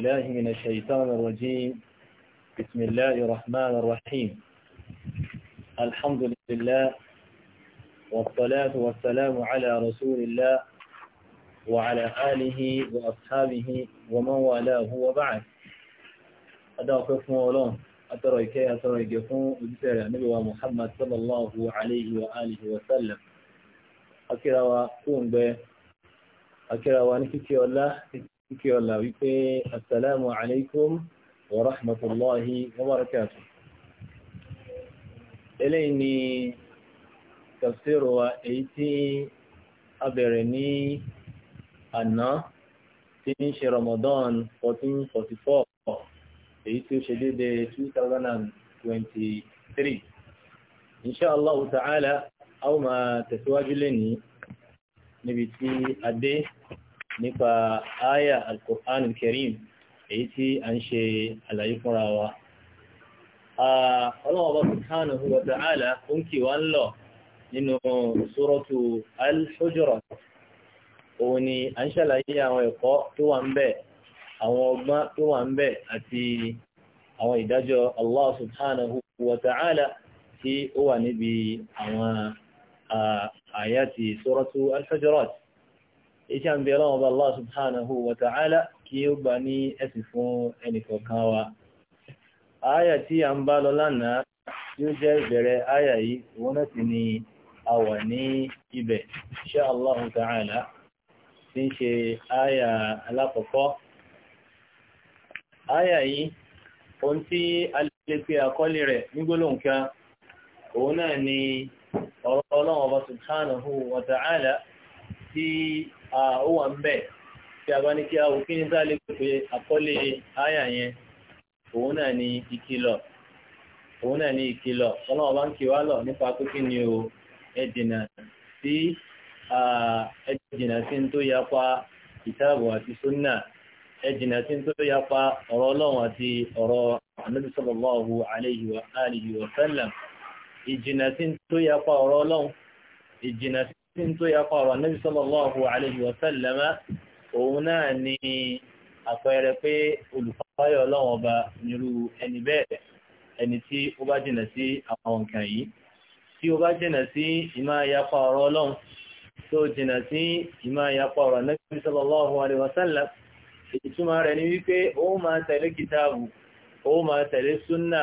الله من الشيطان الرجيم بسم الله الرحمن الرحيم الحمد لله والصلاة والسلام على رسول الله وعلى آله وأصحابه ومن والاه وبعد أدعو كفم ولون أترى كي أترى كفم وجسر نبوى محمد صلى الله عليه وآله وسلم أكرا وقوم به أكرا وانكي الله kí ọ̀la wípé assalamu alaikum wa rahmatullahi wa barakatuh eléyìí ni tafsir wa èyí tí a bẹ̀rẹ̀ ní àná tí ń ṣe Ramadan 1444 èyí tí ó ṣe dédé 2023 inshallah ta'ala a ó máa tẹ̀síwájú lẹ́ni níbi tí a dé nípa àyà al-Qur'an al-Karim èyí tí a ń ṣe àlàyé fúnra wa. Ọlọ́wọ́ subhanahu wa ta'ala ó ń kì wá ń lọ nínú suratu al-Hujurat. Òun ni a ń ṣàlàyé àwọn ẹ̀kọ́ tó wà ń bẹ̀, àwọn ọgbọ́n tó wà ń bẹ̀ àti àwọn ìdájọ́ ti suratu al iṣẹ́ àmì ọlọ́run ọba Allah subhanahu wa ta'ala kí ó gbà ní ẹ̀sì fún ẹnìkọ̀ọ̀kan wa. Aya tí a ń bá lọ lánàá tí ó jẹ́ ìbẹ̀rẹ̀ àyà yìí, òun náà ni a wà ní ibẹ̀, Ṣé Allah ta'ala, tí ń ṣe ó wà ń bẹ̀ tí a bá ní kí a wò kí ní sáà lè pè àkọlé àyà yẹn òun náà ní ìkìlọ̀ òun náà ní ìkìlọ̀ o sí sí ní tó yapa ìtààbò àti súnà sí tó yapa ọ̀rọ̀ ọlọ́run àti ọ̀rọ̀ ànábì ìjìnà sí tó yapa ọ̀rọ̀ ọlọ́run ìjìnà tí ń tó yà pa ọ̀rọ̀ anábì sallallahu alayhi wa sallama òun náà ni àpẹẹrẹ pé olùfàfáyọ̀ ọlọ́wọ́n ọba nírú ẹni bẹ́ẹ̀ ẹni tí ó bá jìnà sí àwọn nǹkan yìí tí ó bá jìnà sí ìmá yapa ọ̀rọ̀ ọlọ́run tó jìnà sí ìmá yapa ọ̀rọ̀ anábì sallallahu alayhi wa sallam ìtumọ̀ rẹ̀ ni wípé ó máa tẹ̀lé kìtàbù ó máa tẹ̀lé súnnà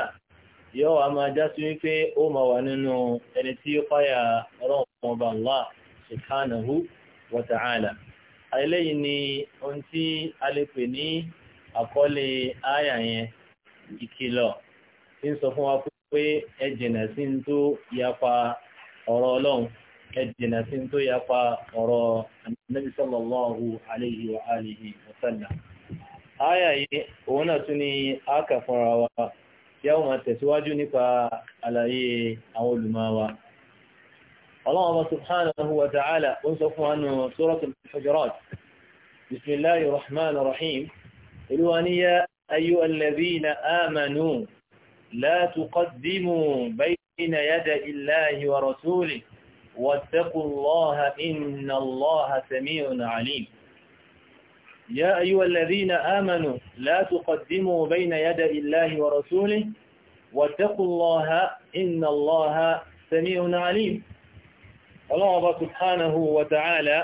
yóò wá máa já sí wípé ó máa wà nínú ẹni tí ó fáyà ọlọ́run ọba Allah subhanahu wa ta'ala eléyìí ni ohun tí a lè pè ní àkọlé àyà yẹn ìkìlọ̀ tí ń sọ fún wa pé ẹ jìnà sí ń tó yapa ọ̀rọ̀ ọlọ́run ẹ jìnà sí ń tó yapa ọ̀rọ̀ Ànábì sallallahu wa alihi wa sallam àyà òun náà tún ni a kà fúnra wa yàwó tẹ̀síwájú nípa àlàyé àwọn olùmọ̀ wa. الله سبحانه وتعالى ونسوفها أنه سورة الحجرات بسم الله الرحمن الرحيم الوانية أيها الذين آمنوا لا تقدموا بين يدي الله ورسوله واتقوا الله إن الله سميع عليم يا أيها الذين آمنوا لا تقدموا بين يدي الله ورسوله واتقوا الله إن الله سميع عليم ọlọ́wọ́n bá subhanahu wa ta'ala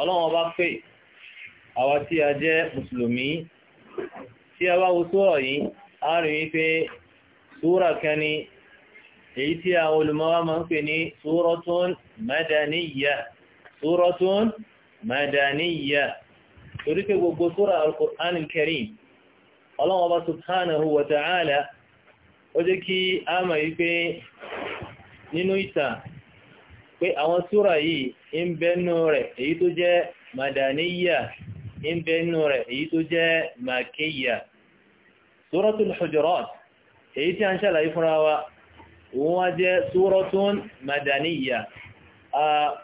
ọlọ́wọ́n bá pè àwa tí a jẹ́ mùsùlùmí tí a bá wo súrọ̀ yìí a rí wípé súrà kan ni èyí tí a olùmọ́wá máa ń pè ní súrọ̀tún madaniyya súrọ̀tún madaniyya torí pé gbogbo súrà al-Qur'an al subhanahu wa ta'ala ó jẹ́ kí a mọ̀ wípé nínú ìtàn pé àwọn súra yìí ń bẹ́nu rẹ̀ èyí tó jẹ́ madaniya ń bẹ́nu rẹ̀ èyí tó jẹ́ makiya suratul hujurat èyí tí a ń ṣàlàyé fúnra wa wọ́n jẹ́ suratun madaniya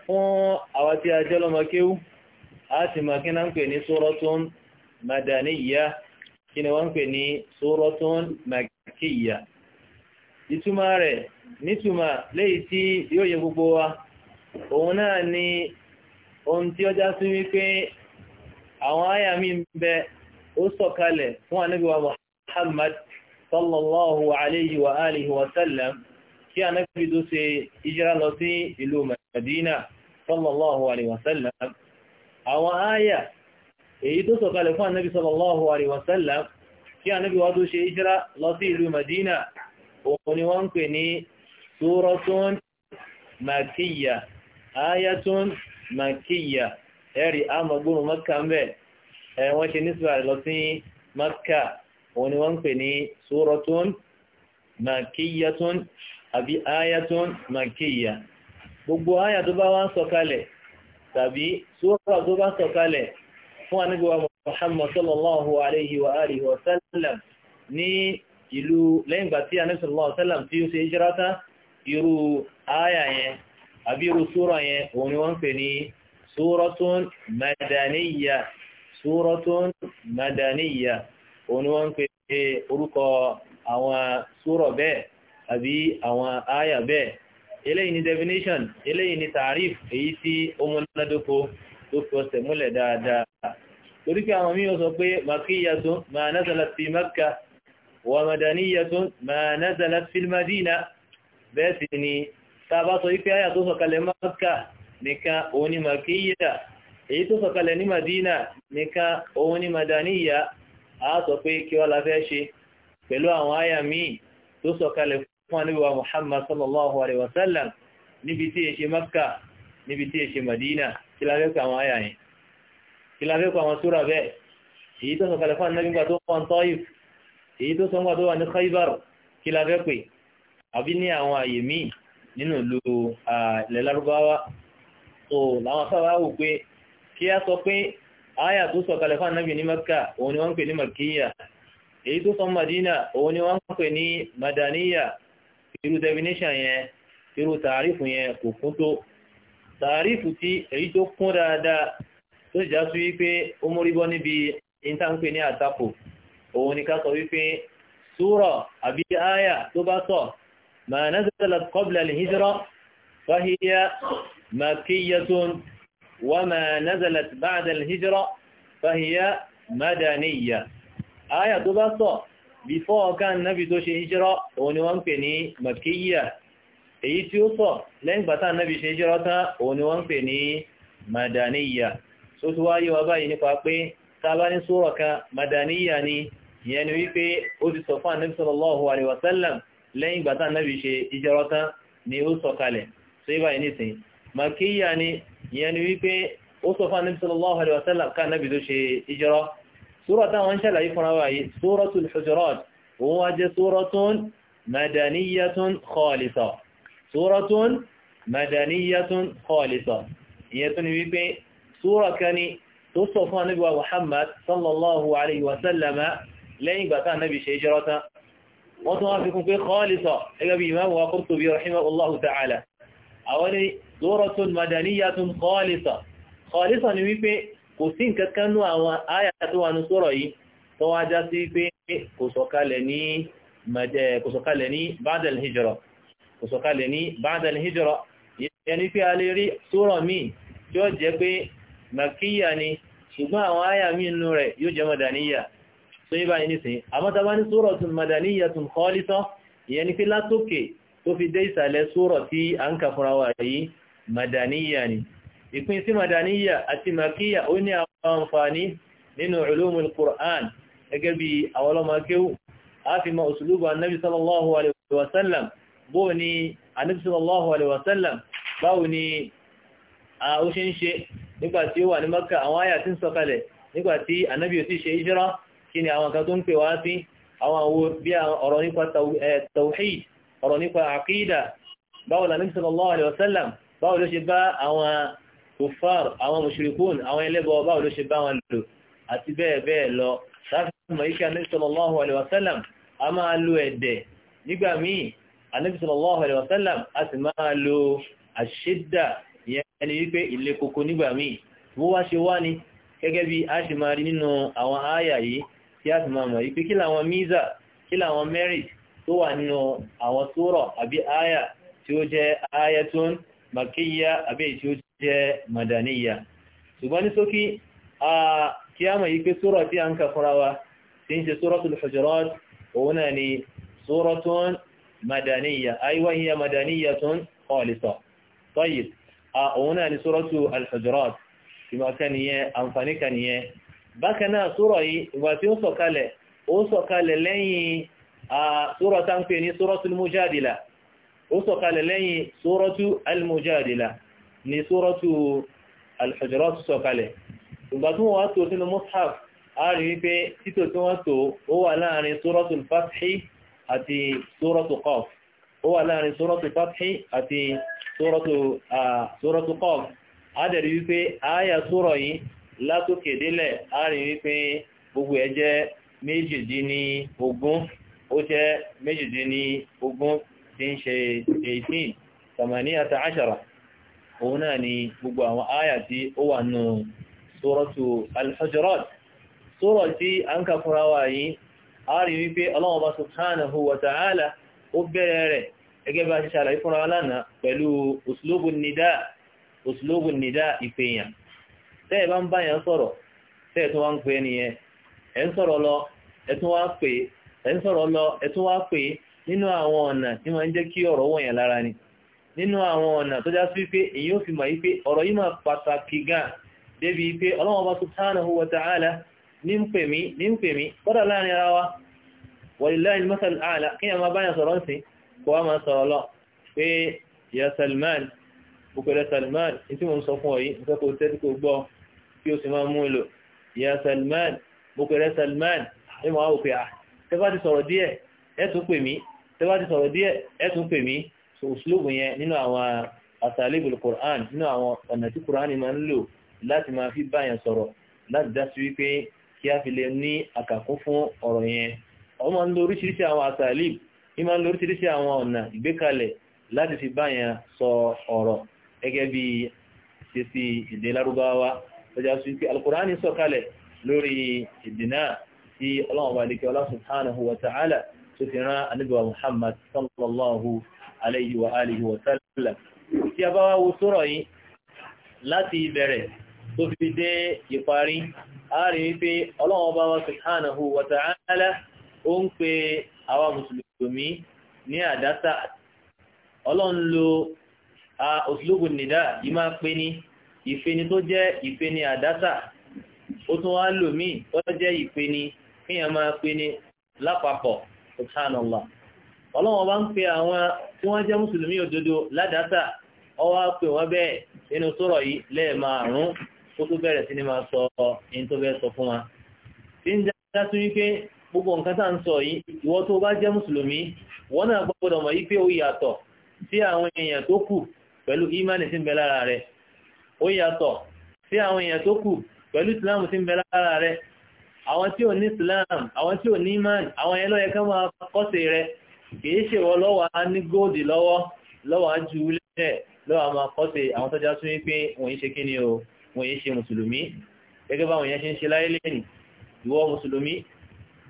fún àwọn tí a jẹ́ lọ́mọkéwú a ti maki ń pè ní suratun madaniya kí ni wọ́n ń pè ní suratun makiya ìtumá rẹ̀ nítumà léyìí tí yóò yẹ gbogbo wa òun náà ni ohun tí ó já sí wípé àwọn àyà mi ń bẹ ó sọ̀kalẹ̀ fún ànábì wa Muhammad sallallahu alayhi wa alihi wa sallam kí ànábì tó ṣe ìjírá lọ sí ìlú Madina sallallahu alayhi wa sallam àwọn àyà èyí tó sọ̀kalẹ̀ fún ànábì sallallahu alayhi wa sallam kí ànábì wa tó ṣe ìjírá lọ sí ìlú Madina òun ni wọ́n ń pè ní súrọ́tún makíyà ayatún makíyà ẹ̀rì amagbóhùn maka ń bẹ̀ ẹ̀ wọ́n ṣe nísìbà lọ sí maka òun ni wọ́n ń pè ní súrọ́tún makíyàtún àbí ayatún makíyà gbogbo aya tó bá wá ń sọ̀kalẹ̀ tàbí súrà tó bá sọ̀kalẹ̀ fún anígbà Muhammad sallallahu alaihi wa alihi wa sallam ní ìlú lẹ́yìn gbà tí anígbà sallallahu alaihi wa sallam tí ó ṣe ìjírátá irú ááyà yẹn àbí irú súrọ̀ yẹn òun ni wọ́n ń pè ní súrọ̀tún madaniya súrọ̀tún madaniya òun ni wọ́n ń pè ní orúkọ àwọn súrọ̀ bẹ́ẹ̀ àbí àwọn ááyà bẹ́ẹ̀ eléyìí ni definition eléyìí ni tarif èyí tí ó múnádóko tó fi ọsẹ̀ múlẹ̀ dáadáa torí pé àwọn míì sọ pé makiyatun ma nazalat fi makka wa madaniyatun ma nazalat fil madina bẹ́ẹ̀ sì ni tàbá sọ wípé àyà tó sọ̀kalẹ̀ Mákà nìkan òun ni Màkíyà èyí tó sọ̀kalẹ̀ ní Madina nìkan òun ni Madaniya a sọ pé kí wọ́n la fẹ́ ṣe pẹ̀lú àwọn àyà míì tó sọ̀kalẹ̀ fún aníwà Muhammad sallallahu alaihi wasallam níbi tí èṣe Mákà níbi tí èṣe Madina kí la fẹ́ kọ àwọn àyà yẹn kí la kọ àwọn súra bẹ́ẹ̀ èyí tó sọ̀kalẹ̀ fún aníwà tó wà ní Khaibar kí la fẹ́ àbí ní àwọn àyè míì nínú ìlú ilẹ̀ lárúbáwá so làwọn sábà wò pé kí a sọ pé àyà tó sọ kalẹ̀ fún anábì ní maka òun ni wọ́n ń pè ní makiya èyí tó sọ madina òun ni wọ́n ń pè ní madaniya irú definition yẹn irú tààrífù yẹn kò kún tó tààrífù tí èyí tó kún dáadáa tó sì já sí wípé ó mórí bọ́ níbi ìntànpé ní àtakò òun ni ká sọ wípé súrọ̀ àbí àyà tó bá sọ ما نزلت قبل الهجرة فهي مكية وما نزلت بعد الهجرة فهي مدنية آية تبصى before kan nabi tó ṣe hijira òun ni wọ́n pè ní makiyya èyí tí ó sọ lẹ́yìn gbàtà nabi ṣe hijira tán òun ni wọ́n pè ní madaniyya so tí wáyé wa báyìí nípa pé tàbá ní sura kan madaniyya ni ìyẹn ni wípé ó ti sọ fún nabi sallallahu alaihi wasallam lẹ́yìn ìgbà tá ànábì ṣe ìjọrọ tán ni ó sọ̀kalẹ̀ tó yíba yìí nìsín màkíyà ni ìyẹn ni wípé ó sọ fún ànábì sallallahu alaihi wasallam ká ànábì tó ṣe ìjọrọ sóòrọ̀ táwọn ń ṣàlàyé fúnra wa yìí suratul hujurat òun wá jẹ́ suratun madaniyatun khalisa suratun madaniyatun khalisa ìyẹn tó ni wípé sóòrọ̀ kan ni lẹ́yìn ìgbà tá ṣe ìjọrọ tán wọ́n tún wá fi kún pé kọ́ọ̀lìsọ̀ ẹgbẹ́ bí imamu wa Qurtubi rahimahullahu ta'ala àwọn ni dóòrọ̀tún madaniyatun kọ́ọ̀lìsọ̀ kọ́ọ̀lìsọ̀ ni wípé kò sí nǹkankan nú àwọn àyà tó wà ní sọ́rọ̀ yìí tó wá já sí pé eh, kò sọ̀kalẹ̀ ní ba'dal hijra yẹni pé a lè rí sọ́rọ̀ míì tí ó jẹ́ pé makíyà ni ṣùgbọ́n àwọn àyà míì tó yí báyìí nìsìn àmọ́tàbá ní suratun madaniyatun khalisa ìyẹn ni pé látòkè tó fi dé ìsàlẹ̀ sura tí a ń kà fúnra wa yìí madaniya ni ìpín sí madaniya àti makiya ó ní àwọn àǹfààní nínú ulumul Qur'an gẹ́gẹ́ bí àwọn ọlọ́mọkéwù a fi ma usulubu annabi sallallahu alaihi wasallam bó ni annabi sallallahu alaihi wasallam báwo nígbàtí ó wà ní Makka àwọn àyà tí ń sọ̀kalẹ̀ nígbàtí annabi ò ti ṣe hijira kí ni àwọn kan tó ń pè wá sí àwọn àwo bí ọ̀rọ̀ nípa tawhid ọ̀rọ̀ nípa àkídà báwo la nabi sallallahu alaihi wasallam báwo ló ṣe bá àwọn kùfàr àwọn mushrikun àwọn ẹlẹ́bọ báwo ló ṣe bá wọn lò àti bẹ́ẹ̀ bẹ́ẹ̀ lọ sáfìmọ̀ ikẹ́ nabi sallallahu alaihi wasallam a máa lo ẹ̀dẹ̀ nígbà míì gẹ́gẹ́ bí a ṣe máa rí nínú àwọn ááyà yìí tí a sì máa mọ̀ yìí pé kí làwọn míza kí làwọn merit tó wà nínú àwọn sura àbí aya tí ó jẹ́ ayatun makiyya àbí tí ó jẹ́ madaniya ṣùgbọ́n ní sókí kí a mọ̀ yìí pé sura tí a ń kà fúnra wa tí ń ṣe suratul hujurat òun náà bákan náà súrọ̀ yìí ìgbà tí ó sọ̀kalẹ̀ ó sọ̀kalẹ̀ lẹ́yìn súrọ̀ táńpé ní súratul mujadila ó sọ̀kalẹ̀ lẹ́yìn súratul mujadila ní súratul al-hujurat sọ̀kalẹ̀ ìgbà tí wọ́n wá tó sínú mushaf a rí wípé títò tí wọ́n tó ó wà láàrin súratul fathi látòkè délẹ̀ a rí wípé gbogbo ẹ̀ jẹ́ méjìdínlógún ó jẹ́ méjìdínlógún tí ń ṣe 18 samaniyata ashara òun náà ni gbogbo àwọn áyà tí ó wà nù al-Hujurat tí a ń a rí wípé subhanahu wa ta'ala ó bẹ̀rẹ̀ rẹ̀ gẹ́gẹ́ bá ṣe ṣàlàyé fúnra nida tẹ́ ẹ bá ń báyàn sọ̀rọ̀ tẹ́ ẹ tún wá ń pè nìyẹn ẹ̀ ń sọ̀rọ̀ lọ ẹ tún wá pè ẹ̀ ń sọ̀rọ̀ lọ ẹ tún wá pè nínú àwọn ọ̀nà tí wọ́n ń jẹ́ kí ọ̀rọ̀ wọ̀nyàn lára ni nínú àwọn ọ̀nà tó já sí pé èyí ò fi mọ̀ yí pé ọ̀rọ̀ yìí máa pàtàkì gan débi pé ọlọ́wọ́n bá subhanahu wa ta'ala ní ń pè mí ní ń pè mí kọ́dà láàrin ara wa walillahi al-masal a'la kí a máa báyàn sọ̀rọ̀ sí kò wá máa sọ̀rọ̀ lọ pé ya Salman bukere Salman tí mo ń sọ fún ọ yìí nǹkan kò tẹ́tí kò gbọ́ kí o sì máa mú lò ìyá Salman mo pèrè Salman ní mo àwọn òpè à ah, tẹ́bá ti sọ̀rọ̀ díẹ̀ ẹ tún pè mí tẹ́bá ti sọ̀rọ̀ díẹ̀ ẹ tún pè mí so òṣìlóògùn yẹn nínú àwọn àtàlébùl Qur'an nínú àwọn ọ̀nà tí Qur'an máa ń lò láti máa fi báyàn sọ̀rọ̀ láti dá sí wípé kí a fi lè ní àkàkún fún ọ̀rọ̀ yẹn ó ń lo oríṣiríṣi àwọn àtàlébù ní máa ń lo oríṣiríṣi àwọn ọ̀nà ìgbékalẹ̀ láti fi báyàn sọ ọ̀rọ̀ gẹ́gẹ́ bí ṣe sí èdè tọ́já sí pé alukurani sọ̀kalẹ̀ lórí ìdìnnà tí ọlọ́run bá dìkẹ́ Allah subhanahu wa ta'ala tó fi rán anábìwá muhammad sallallahu alayhi wa alihi wa sallam tí a bá wá wo sọ̀rọ̀ yìí láti ìbẹ̀rẹ̀ tó fi dé ìparí a rí wípé ọlọ́run bá wá ìfeni tó jẹ́ ìfeni àdásà ó tún wá lò míì ó jẹ́ ìfeni kíyàn máa peni lápapọ̀ subhanallah ọlọ́wọ́n bá ń pe àwọn tí wọ́n jẹ́ mùsùlùmí òdodo ládásà ọwọ́ pè wọ́n bẹ́ẹ̀ nínú sọ̀rọ̀ yìí lẹ́ẹ̀márùn tó ni máa sọ ó yàtọ̀ sí àwọn èèyàn tó kù pẹ̀lú islam tí ń bẹ lára rẹ̀ àwọn tí ò ní islam àwọn tí ò ní iman àwọn yẹn lọ́yẹ kán máa kọ́sẹ̀ rẹ̀ kìí ṣe wọ́n lọ́wọ́ ní góòdì lọ́wọ́ lọ́wọ́ ju lẹ́ẹ̀ lọ́wọ́ máa kọ́sẹ̀ àwọn tọ́já tún ní pé wọ́n yìí ṣe kí ni o wọ́n yìí ṣe mùsùlùmí gẹ́gẹ́ báwọn yẹn ṣe ń ṣe láyé lẹ́yìn mùsùlùmí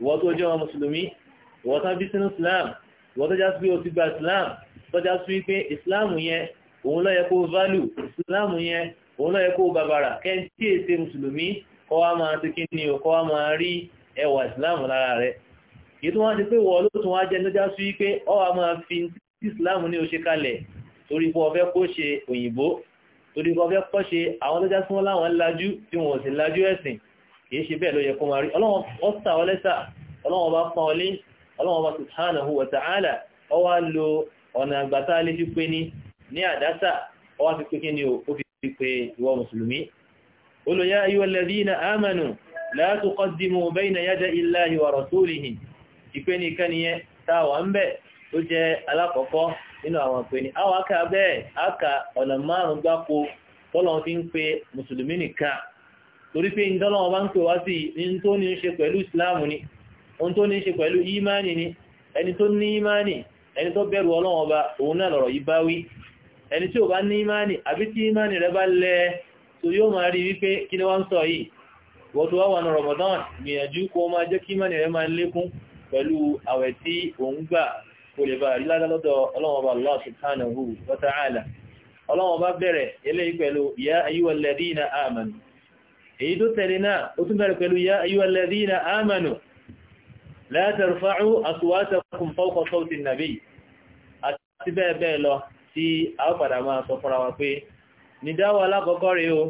ìwọ tó jẹ́ wọn mùsùlùmí ìwọ tán bí sínú islam ìwọ tọ́já sí pé o ti gba islam tọ́já sí pé islam yẹn òun lọ́yẹ kó value islam yẹn òun náà yẹ kó bàbàrà kẹ́ntì èsè mùsùlùmí kọ́ wá máa ti kí ni kọ́ wá máa rí ẹwà ìsìláàmù lára rẹ̀ èyí tó wá ti pé wọ́n ló tún wá jẹ́ nígbà sí pé ọ wá máa fi ìsìláàmù ní oṣe kalẹ̀ torí pé ọfẹ́ kó ṣe òyìnbó torí pé ọfẹ́ kọ́ ṣe àwọn tó já sí wọn láwọn lajú tí wọn ò lo ọ̀nà àgbàtà lè fi pé ní àdásà ọ fi pé kí ni ó fi wípé ìwọ mùsùlùmí olóyá ayyuhalladhina amanu la tuqaddimu bayna yaday illahi wa rasulihi ìpé ní ìkànnìyẹ táwà ń bẹ̀ tó jẹ́ alákọ̀ọ́kọ́ nínú àwọn ìpé ní àwọn aka bẹ́ẹ̀ aka ọ̀nà márùn-ún gbáko tọ́lọ́n fi ẹni tí ò bá ní ìmáni àbí tí ìmáni rẹ bá lẹ tó yóò máa rí wípé kí ni wọ́n ń sọ yìí wọ́n tó wá wà ní Ramadan gbìyànjú kó máa jẹ́ kí ìmáni rẹ máa lékún pẹ̀lú àwẹ̀ tí òun gbà kò lè bá rí ládálọ́dọ̀ ọlọ́wọ́ba Allah subhanahu wa ta'ala ọlọ́wọ́ba bẹ̀rẹ̀ eléyìí pẹ̀lú ya ayyuhal ladina àti bẹ́ẹ̀ bẹ́ẹ̀ lọ tí a ó padà máa sọ fọ́ra wa pé nìdáwà alákọ̀ọ́kọ́ rẹ̀ o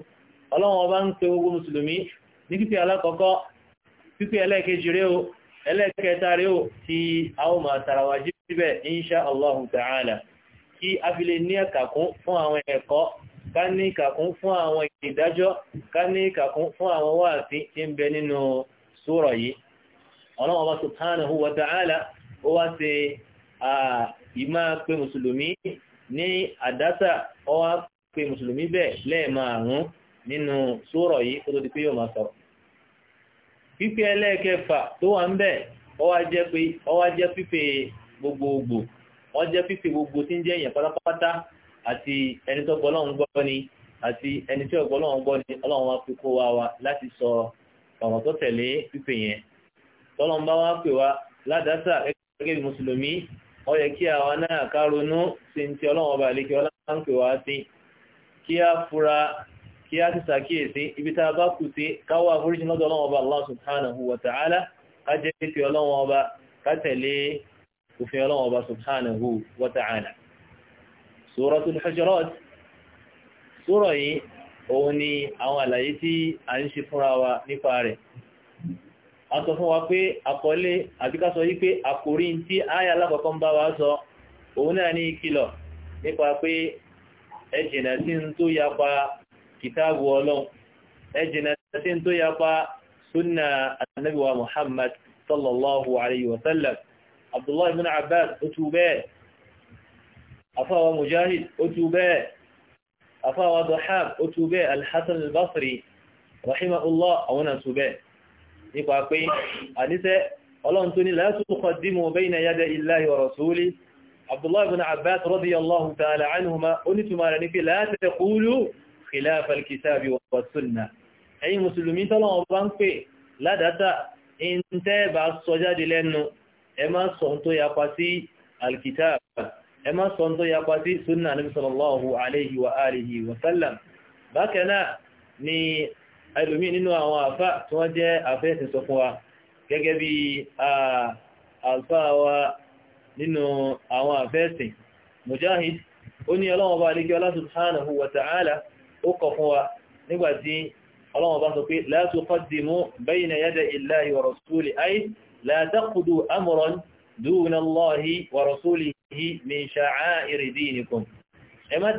ọlọ́run ọba ń pe gbogbo mùsùlùmí ní pípẹ́ alákọ̀ọ́kọ́ pípẹ́ ẹlẹ́ẹ̀kejì rẹ̀ o ẹlẹ́ẹ̀kẹta rẹ̀ o tí a ó máa tara wa jí síbẹ̀ allahu ta'ala kí a fi lè ní ẹ̀kàkún fún àwọn ẹ̀kọ́ ká ní ìkàkún fún àwọn ìdájọ́ ká ní ìkàkún fún àwọn wáàsí tí ń bẹ nínú súrà yìí ọlọ́run ọba subhanahu wa ta'ala ó wá ṣe ìmá pé mùsùlùmí ní àdásà ọwá pé mùsùlùmí bẹ́ẹ̀ lẹ́ẹ̀márùn-ún nínú sóòrọ̀ yìí kó tó di pé yóò máa sọ̀rọ̀ pípẹ́ ẹlẹ́ẹ̀kẹfà tó wà ń bẹ̀ ọwá jẹ́ pípẹ́ gbogbogbò wọ́n jẹ́ pípẹ́ gbogbo tí ń jẹ́ èèyàn pátápátá àti ẹni tó ni ni wa wa ó yẹ kí àwa náà ká sí ti ọba àlekè ọlọ́wọ́n ń pè wá sí kí ibi a bá kù sí káwọ́ àforíjì lọ́dọ̀ ọba Allah subhanahu wa ta'ala ti ọba ká òfin ọba subhanahu wa ta'ala. sura a ń a sọ fún wa pé àkọlé àbíká sọ yí pé àkórí tí àyà alákọ̀ọ́kọ́ ń bá wa sọ òun náà ní ìkìlọ̀ nípa pé ẹ jìnà sí ń tó yapa kìtáàbù ọlọ́run ẹ jìnà sí ń tó yapa sunna annabi wa muhammad sallallahu alayhi wa sallam abdullahi ibn abbas ó tú tú bẹ́ẹ̀ nípa pé àníṣẹ́ ọlọ́run tó ní la tuqaddimu bayna yada illahi wa rasuli abdullahi ibn abbas radiyallahu ta'ala anhuma onítùmọ̀ rẹ̀ ní pé la taqulu khilafa al-kitabi wa sunnah ẹ̀yin mùsùlùmí tọ́lọ́wọ́ bá ń pè ládàtà ìntẹ́ẹ̀bà sọ jáde lẹ́nu ẹ má sọ tó yapa sí alkitab ẹ má sọ tó yapa sí sunna nabi ni ẹlòmí nínú àwọn àfá tí wọ́n jẹ́ àfẹ́sìn sọ fún wa gẹ́gẹ́ bí àfá wa nínú àwọn àfẹ́sìn mujahid ó ní ọlọ́wọ́ bá alékẹ́ Allah subhanahu wa ta'ala ó kọ̀ fún wa nígbàtí ọlọ́wọ́ bá sọ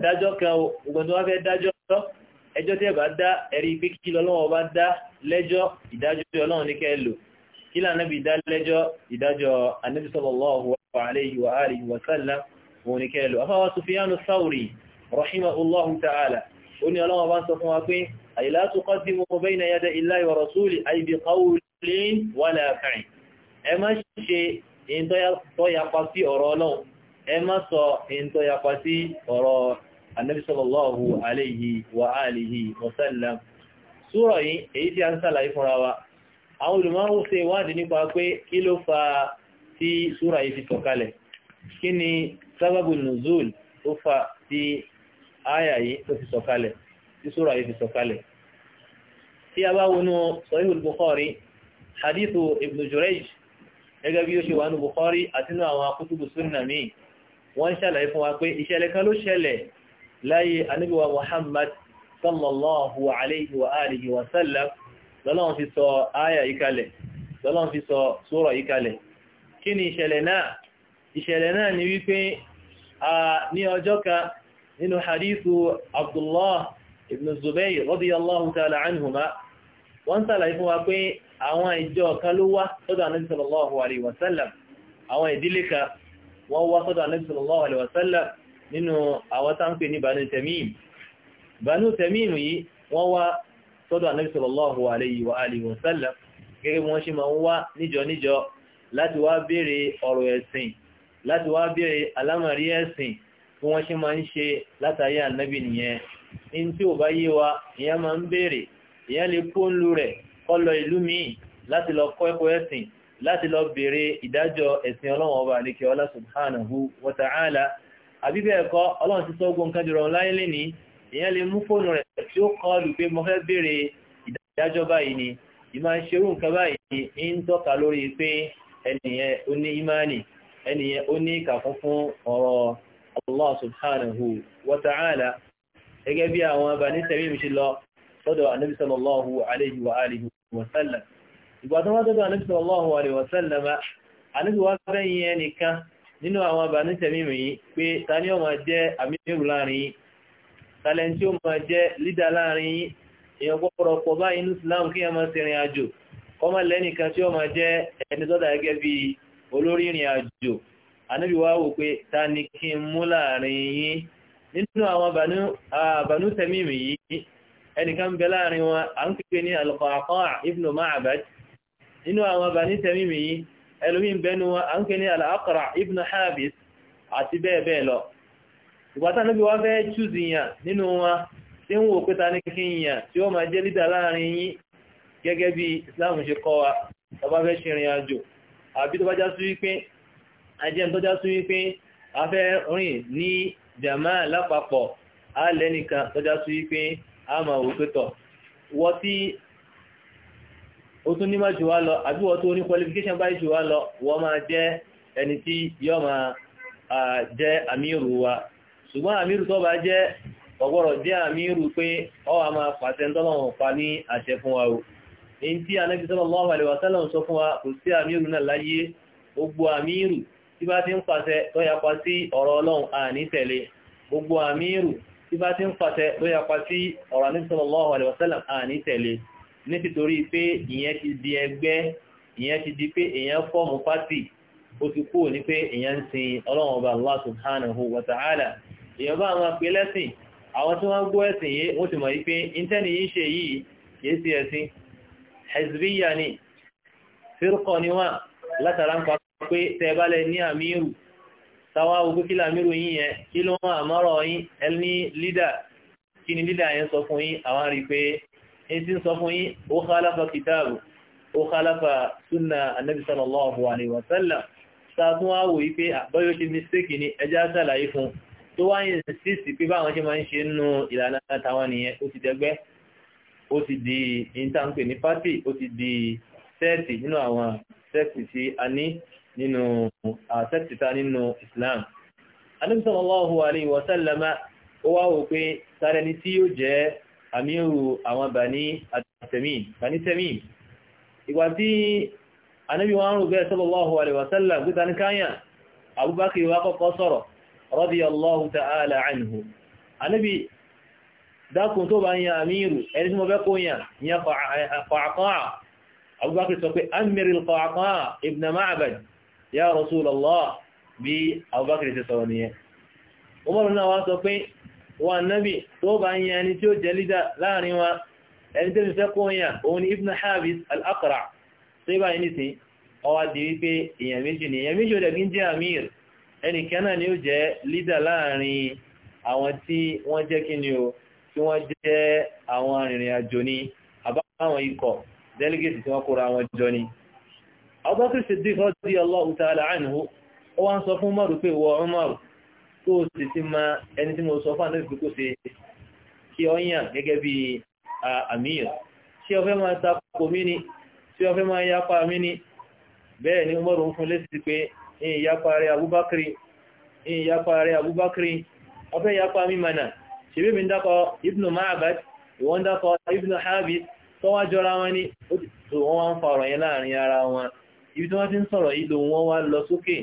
dájọ́ kan ogun tó wá fẹ́ dájọ́ ẹjọ́ tẹ́ bá dá ẹ̀rí pé kí lọ́lọ́wọ́ bá dá lẹ́jọ́ ìdájọ́ ọlọ́run ní kẹ́lò kí lànàbì dá lẹ́jọ́ ìdájọ́ Ànábì sallallahu alayhi wa alihi wa sallam wọn ní kẹ́lò afáwà Sufyanu Thawri rahimahullahu ta'ala ó ní ọlọ́wọ́ bá sọ fún wa pé ay la tuqaddimu bayna yaday illahi wa rasulihi ay bi qawlin wala sí ọ̀rọ̀ annabi sallallahu alayhi wa alihi wa sallam súrọ̀ yìí èyí tí a ń sàlàyé fúnra wa àwọn olùmọ́wó ṣe wádìí nípa pé kí ló fa tí súrọ̀ yìí fi tọ̀kalẹ̀ kí ni sábàbù nùzúl tó fa tí áyà yìí tó fi sọ̀kalẹ̀ tí súrọ̀ yìí fi sọ̀kalẹ̀ tí a bá wọnú sahihul bukhari hadithu ibn jurayj gẹ́gẹ́ bí ó ṣe wà ní bukhari àti nínú àwọn akutubu sunna míì wọ́n ń ṣàlàyé fún wa pé ìṣẹ̀lẹ̀ kan ló ṣẹlẹ̀ láyé anábíwa Muhammad sallallahu alayhi wa alihi wa sallam lọ́lọ́run fi sọ áyà ìkalẹ̀ lọ́lọ́run fi sọ sura ìkalẹ̀ kí ni ìṣẹ̀lẹ̀ náà ìṣẹ̀lẹ̀ náà ni wípé ní ọjọ́ kan nínú hadithu Abdullah ibn Zubayr radiyallahu ta'ala anhuma wọ́n sàlàyé fún wa pé àwọn ìjọ kan ló wá sọ́dọ̀ anábì nínú àwọn táńpẹ̀ ní Banu Tamim Banu Tamim yìí wọ́n wá sọ́dọ̀ Ànábì sallallahu alayhi wa alihi wa sallam gẹ́gẹ́ wọ́n ṣe máa ń wá níjọ níjọ láti wá béèrè ọ̀rọ̀ ẹ̀sìn láti wá béèrè alámọ̀rí ẹ̀sìn tí wọ́n ṣe máa ń ṣe látàrí Ànábì nìyẹn in tí ò bá yé wa ìyẹn máa ń béèrè ìyẹn lè kó ń lu rẹ̀ kọ́ lọ láti lọ kọ́ ìdájọ́ ẹ̀sìn Ọlọ́run ọba àlekẹ́ ọlá subhanahu wa àbí bẹ́ẹ̀ kọ́ ọlọ́run ti sọ ogun nǹkan dìrọ̀ láyé lẹ́ni èèyàn lè mú fóònù rẹ̀ tí ó kọ́ lù pé mo fẹ́ béèrè ìdájọ́ báyìí ni ìmá ṣerú nǹkan báyìí ń tọ́ka lórí pé ẹnìyẹn ó ní ìmáànì ẹnìyẹn ó ní ìkàkún fún ọ̀rọ̀ Allah subhanahu gẹ́gẹ́ bí àwọn Bani Tamim ṣe lọ nínú àwọn Banu Tamim yìí pé ta ni ó máa jẹ́ àmìrù láàrin yìí tàlẹ́ntí ó máa jẹ́ lídà láàrin yìí èèyàn gbọ́dọ̀ pọ̀ báyìí ní Islam kí wọ́n máa ti àjò kọ́mọ lẹ́nìkan tí ó jẹ́ ẹni tọ́ta gẹ́gẹ́ bí olórí ìrìn àjò ànábì wá wò pé ta ni kí n mú láàrin yìí nínú àwọn Banu Tamim yìí ẹnìkan bẹ láàrin wọn à ń pè ní Al-Qa'qa' ibn Ma'bad nínú àwọn Banu Tamim yìí elohim benu wa an kene al ibna ibn habis ati be be lo gbata no bi wa ya ninu wa ti wo peta ni kin ya ti o ma je leader laarin yin gege bi islam se ko wa to ba be shirin ajo abi to ba ja su yi to ja su a fe rin ni jamaa la papo a lenika to ja ó tún nímọ̀ jù wá lọ àbí wọ́n tó ní qualification báyìí jù wá lọ wọ́n máa jẹ́ ẹni tí yọ́ máa jẹ́ àmírù wa ṣùgbọ́n àmírù tó bá jẹ́ ọgbọ́rọ̀ jẹ́ àmírù pé ọ wà máa pàṣẹ tọ́lọ́wọ̀n pa ní àṣẹ fún wa o èyí tí Ànábì sallallahu alaihi wasallam sọ fún wa kò sí àmírù náà láyé gbogbo àmírù tí bá ti ń pàṣẹ tó yapa sí ọ̀rọ̀ ọlọ́run àní tẹ̀lé gbogbo àmírù tí bá ti ń pàṣẹ tó yapa sí ọ̀rọ̀ Ànábì sallallahu alaihi wasallam àní tẹ̀lé nítorí pé ìyẹn ti di ẹgbẹ́ ìyẹn ti di pé èèyàn fọ́ọ̀mù pátì ó ti kúrò ní pé èèyàn ń sin ọlọ́run ọba Allah subhanahu wa ta'ala èèyàn bá àwọn pè lẹ́sìn àwọn tí wọ́n gbọ́ ẹ̀sìn yìí wọ́n ti mọ̀ yí pé yìí ṣe yìí sí ẹ̀sìn ni firkọ ni wọ́n látara ń pa pé tẹ́ẹ̀bálẹ̀ ní àmírù táwa kí yẹn kí ló àmọ́rọ̀ lídà kí ètí ń sọ fún yín ó khalafa kìtàbù ó khalafa súnà anábì sallallahu alaihi wa sallam sàtún wá wò wípé àbáyọ́ ṣe mistake ni ẹjá sàlàyé fún tó wá yìn sísì pé báwọn ṣe máa ń ṣe nínú ìlànà àtàwọn nìyẹn ó ti dẹgbẹ́ ó ti di ìntànpè ní pátì ó ti di sẹ́ẹ̀tì ní amíru àwọn bani at-Tamim bani Tamim ìgbà tí anábi wọn rú bẹ́ẹ̀ sallallahu alaihi wasallam gúta ní káyà abubakar wá kọ́kọ́ sọ̀rọ̀ radiyallahu ta'ala anhu anábi dákùn tó bá ń ya amíru ẹni tí mo bẹ́ kóyà ya Qa'qa' abubakar sọ pé amiril Qa'qa' ibn Ma'bad ya rasulallah bí abubakar wa nábì tó bá ń yan ẹni tí ó jẹ́ lídà láàrin wa ẹni tó fẹ́ kó yàn òun ni ibn habis al-aqra tó bá yìí nìsín ọwá di wípé èèyàn méjì ni èèyàn méjì ò dẹ̀gbín jẹ́ amir ẹni kẹ́nà ni ó jẹ́ lídà láàrin àwọn tí wọ́n jẹ́ kí ni o tí wọ́n jẹ́ àwọn arìnrìn àjò ni àbáwọn ikọ̀ delegate tí wọ́n kóra wọn jọ ni Abubakar Siddiq radiyallahu ta'ala anhu ó tó o sì ti ma ẹni tí mo sọ fún àná kó ṣe kí ọ yàn gẹ́gẹ́ bí àmìyàn ṣé ọfẹ́ ma ta kò mí ni ṣé ọfẹ́ máa yapa mí ni bẹ́ẹ̀ ni Umaru fún lẹ́sí pé ìyìn yapa rẹ̀ Abubakri ìyìn yapa rẹ̀ Abubakri ọfẹ́ yapa mí mana ma mi dákọ̀ Ibnu Ma'bad ìwọ́n dákọ̀ Ibnu Habib tó wá jọra wọn ni wọ́n wá ń fa yẹn láàrin ara wọn ibi tí wọ́n ti ń sọ̀rọ̀ yìí lòun wọ́n wá lọ sókè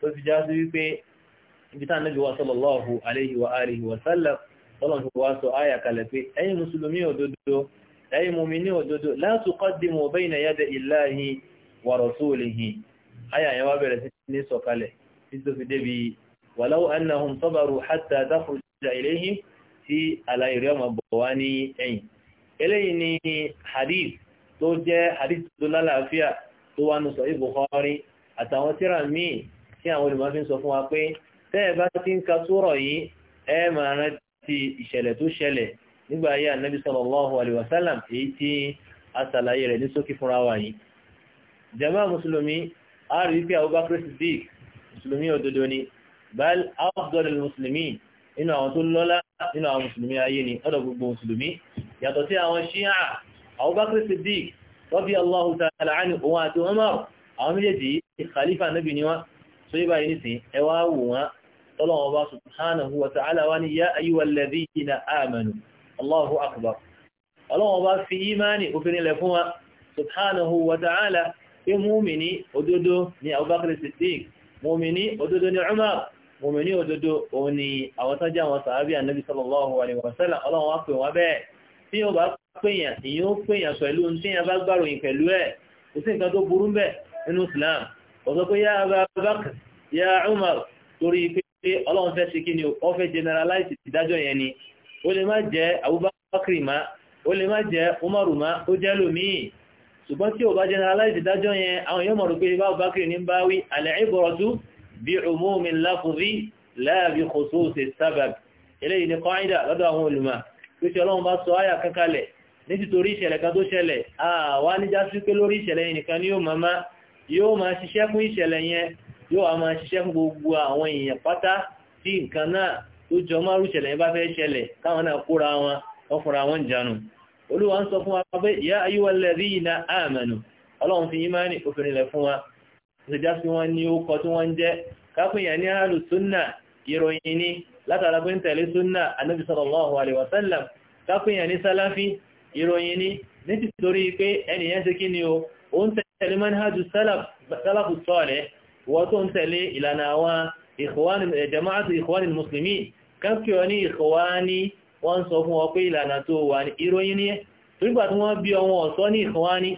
tó fi já sí ibi tá ànábì wa sallallahu alayhi wa alihi wa sallam ọlọ́run wa sọ ayà kalẹ̀ pé ẹ̀yin mùsùlùmí òdodo ẹ̀yin mùmíní òdodo la tuqaddimu bayna yaday illahi wa rasulihi ayà yẹn wá bẹ̀rẹ̀ sí ní sọ̀kalẹ̀ tí fi débi walau annahum sabaru hatta takhruja ilayhim tí aláìrí ọmọ bọ̀ wá ní ni hadith tó jẹ́ hadith tó lálàáfíà tó wá nù sọ Bukhari àtàwọn tíra míì tí àwọn olùmọ́ fi ń sọ wa pé tẹ́ ẹ bá ti ń ka sóòrọ̀ yìí ẹ máa rántí ìṣẹ̀lẹ̀ tó ṣẹlẹ̀ nígbà ayé ànábì sallallahu alaihi wasallam èyí tí a ṣàlàyé rẹ̀ ní sókè fúnra wa yìí jama mùsùlùmí a rí pé Abubakar Siddiq mùsùlùmí òdodo ni bal afdalul mùsùlùmí inú àwọn tó lọ́lá inú àwọn mùsùlùmí ayé ni ọ̀dọ̀ gbogbo mùsùlùmí yàtọ̀ sí àwọn ṣíà Abubakar Siddiq radiyallahu ta'ala anhu òun àti Umar àwọn méjèèjì khalifa nabi ni wọ́n tó yí báyìí nìsín ẹwà wò wọ́n tọ́lọ́wọ́ bá subhanahu wa ta'ala wá ní yá ayyuhal ladhina amanu Allahu akbar ọlọ́wọ́ bá fi imani òfin ilẹ̀ fún wa subhanahu wa ta'ala pé múmini òdodo ni Abubakar Siddiq múmini òdodo ni Umar múmini òdodo òun ni àwọn tó jẹ́ àwọn sàábí annabi sallallahu alaihi wasallam ọlọ́wọ́ wá pè wọ́n bẹ́ẹ̀ tí yóò bá pèyàn ìyẹn ó pèyàn pẹ̀lú tí yẹn yá Abubakar yá Umar torí pé pé ọlọ́run fẹ́ ṣe kí ni ó fẹ́ generalize ìdájọ́ yẹn ni ó lè má jẹ́ abubakar ma ó lè má jẹ́ umaru ma ó jẹ́ lòmíì ṣùgbọ́n tí ó bá generalize ìdájọ́ yẹn àwọn yóò mọ̀ rò pé bá abubakar ní bá wí al-ibratu bi umumi al-lafzi la bi khususi eléyìí ni qaida lọ́dọ̀ àwọn olùmọ̀ pé tí ọlọ́run bá sọ áyà kankalẹ̀ ní ìṣẹ̀lẹ̀ kan tó ṣẹlẹ̀ àwa níjá pé lórí ìṣẹ̀lẹ̀ yẹn nìkan ni yóò máa ṣiṣẹ́ fún ìṣẹ̀lẹ̀ yẹn yóò wá máa ṣiṣẹ́ fún gbogbo àwọn èèyàn pátá tí nǹkan náà tó jọ márùn ṣẹlẹ̀ bá fẹ́ ṣẹlẹ̀ káwọn náà kóra wọn wọ́n fúnra wọn olúwa ń sọ fún wa pé ya ayyuhal ladhina amanu ọlọ́run fi yímánì òfin ilẹ̀ fún wa ìṣẹ̀já sí wọn ní ó kọ tí wọ́n ń jẹ́ kápẹ́yà ní àlù súnà ìròyìn ní látara pé ń tẹ̀lé súnà anábì sallallahu alaihi wasallam kápẹ́yà ní sáláfí ìròyìn ní nítorí pé ẹnìyàn ṣe kí ni ó ń tẹ̀lé manhajus salaf wọ́n tó ń tẹ̀lé ìlànà àwọn eh, jama'atu ikhwani musulmi káfíọ́ ní ikhwani wọ́n sọ fún ọ pé ìlànà tó wà ní ìròyìn ní torígbà tí wọ́n bí ọwọ́ ọ̀sọ́ ní ikhwani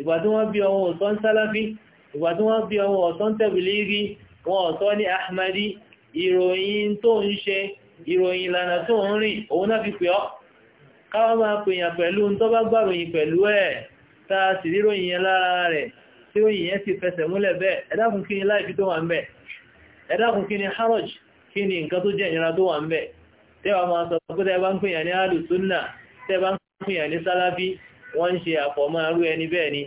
ìgbà tí wọ́n bí ọwọ́ ọ̀sọ́ ń sálàfí ìgbà tí wọ́n bí ọwọ́ ọ̀sọ́ ń tẹ̀bìlìrí wọn ọ̀sọ́ ní ahmadi ìròyìn tó ń ṣe ìròyìn ìlànà tó ń rìn òun náà fi pè ọ́ káwọn máa pèèyàn pẹ̀lú ń tọ́ bá gbàròyìn pẹ̀lú ẹ̀ tá a sì ríròyìn yẹn lára rẹ̀ tí ó yìnyẹn sì fẹsẹ̀ múlẹ̀ bẹ́ẹ̀ ẹ̀dàkùn kí ni láìfi tó wà ń bẹ̀ ẹ̀dàkùn kí ni haraj kí ni nǹkan tó jẹ́ ìnira tó wà ń bẹ̀ tẹ́wàá máa sọ pé tẹ́ bá ń pèyàn ní alùsúnnà tẹ́ bá ń pèyàn ní sálábí wọ́n ń ṣe àpọ̀mọ́ arú ẹni bẹ́ẹ̀ ni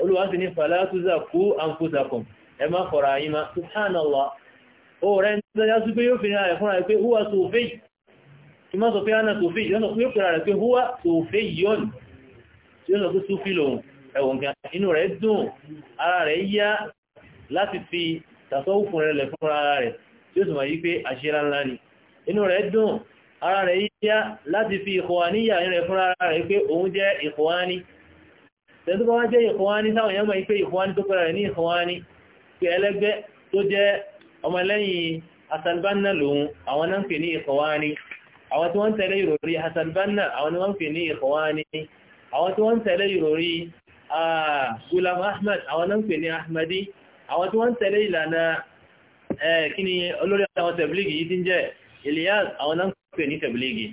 olúwa sì ní fàlátúzà kú àǹkúsàkùn ẹ má fọ̀rọ̀ àyíma ẹ̀wọ̀n kan inú rẹ̀ dùn ara rẹ̀ yá láti fi tàṣọ́wùfún rẹ̀ lẹ̀ fún ara rẹ̀ tí ó sì mọ̀ yí pé àṣírá ńlá ni inú rẹ̀ dùn ara rẹ̀ yá láti fi ìkọ̀wáníyà rẹ̀ fún ara rẹ̀ pé òun jẹ́ ìkọ̀wání tẹ̀sí bá wá jẹ́ ìkọ̀wání táwọn èèyàn mọ̀ yí pé ìkọ̀wání tó pẹ̀rẹ̀ ní ìkọ̀wání pé ẹlẹ́gbẹ́ tó jẹ́ ọmọlẹ́yìn Hassan Banna lòun àwọn náà ń pè ní ìkọ̀wání àwọn tí wọ́n tẹ̀lé ìròrí Hassan àwọn ni wọ́n ń pè ní ìkọ̀wání àwọn tí wọ́n tẹ̀lé ìròrí Ah, Gulam Ahmed àwọn náà ń pè ní Ahmadi àwọn tí wọ́n ń tẹ̀lé ìlànà eh, kí ni olórí àwọn tẹ̀blígì yìí ti ń jẹ́ Ilyas àwọn náà ń pè ní tẹ̀blígì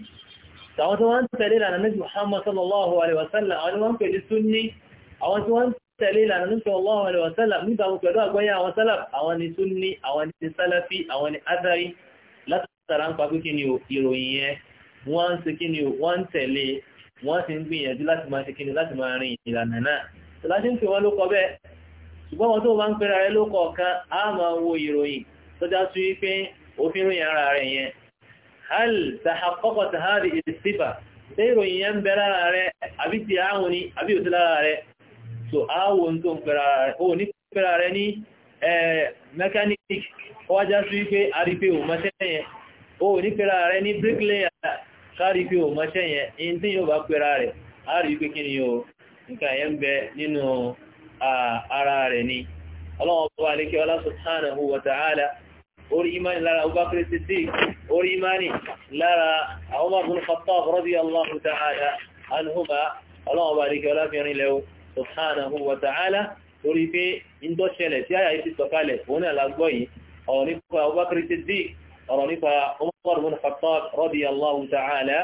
àwọn tí wọ́n ń tẹ̀lé ìlànà ní Muhammad sallallahu alaihi wasallam Sunni àwọn tí wọ́n ń tẹ̀lé ìlànà ní sallallahu alaihi wasallam nígbà mú pẹ̀lú Sunni àwọn Salafi àwọn ni Athari látara ń pa pé kí ni ìròyìn yẹn wọ́n ń tẹ̀lé wọ́n ti ń gbìyànjú láti máa ṣe kíni láti máa rin ìlànà náà tó láti ń pè wọ́n ló bẹ́ẹ̀ ṣùgbọ́n wọn tó máa ń rẹ ló kan á máa wo ìròyìn tó já sí wípé òfin ròyìn ara rẹ yẹn hal tahakọ́kọ̀ tahari ìsìfà ṣé ìròyìn yẹn ń bẹ lára rẹ àbí ti ààrùn ni àbí òtí lára rẹ so ààwò ń tó ń pera rẹ ó ní pera rẹ ní mechanic ó wá já sí wípé àrípé ò mọ́tẹ́ yẹn ó ní pera rẹ ní bricklayer kárí pé o mọ́ṣẹ́ yẹn in tí yóò bá pẹ́ra rẹ̀ a rí pé kí ni o nǹkan yẹn ń bẹ nínú ara rẹ̀ ni ọlọ́wọ́n bá lè kí ọlá subhanahu ta'ala orí imani lára Abubakar Siddiq orí imani lára Umar bin Khattab radiyallahu ta'ala anhuma ọlọ́wọ́n bá lè kí ta'ala orí pé ń tọ́ ṣẹlẹ̀ tí àyà yìí ti sọ̀kalẹ̀ òun náà lágbọ́ yìí ọ̀ nípa ọ̀rọ̀ nípa Umar ibn Khattab radiyallahu ta'ala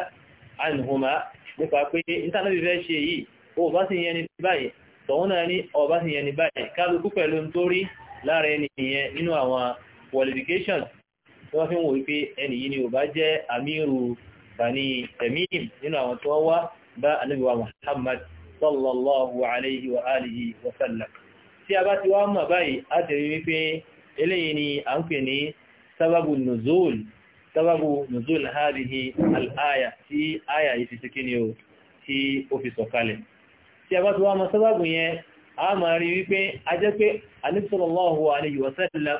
anhuma nípa pé ìtànàbí fẹ́ ṣe yìí ó bá sì yẹn ní báyìí tọ̀hún náà ní ọba sì yẹn ní báyìí kálukú pẹ̀lú ń torí lára ẹni ìyẹn nínú àwọn qualification tí wọ́n fi ń wò wípé ẹni yìí ni ò bá jẹ́ amíru bani tamim nínú àwọn tí wá bá anábíwá Muhammad sallallahu alayhi wa alihi wa sallam tí a bá ti wá mọ̀ báyìí á tẹ̀lé wípé eléyìí ni à ń pè ní sababu nuzul sababu nuzul hadhihi al-aya tí aya yìí ti kí ni o tí ó fi sọ̀kalẹ̀ tí a bá tó wá mọ̀ sababu yẹn a máa rí wípé a jẹ́ pé Ànábì sallallahu alayhi wa sallam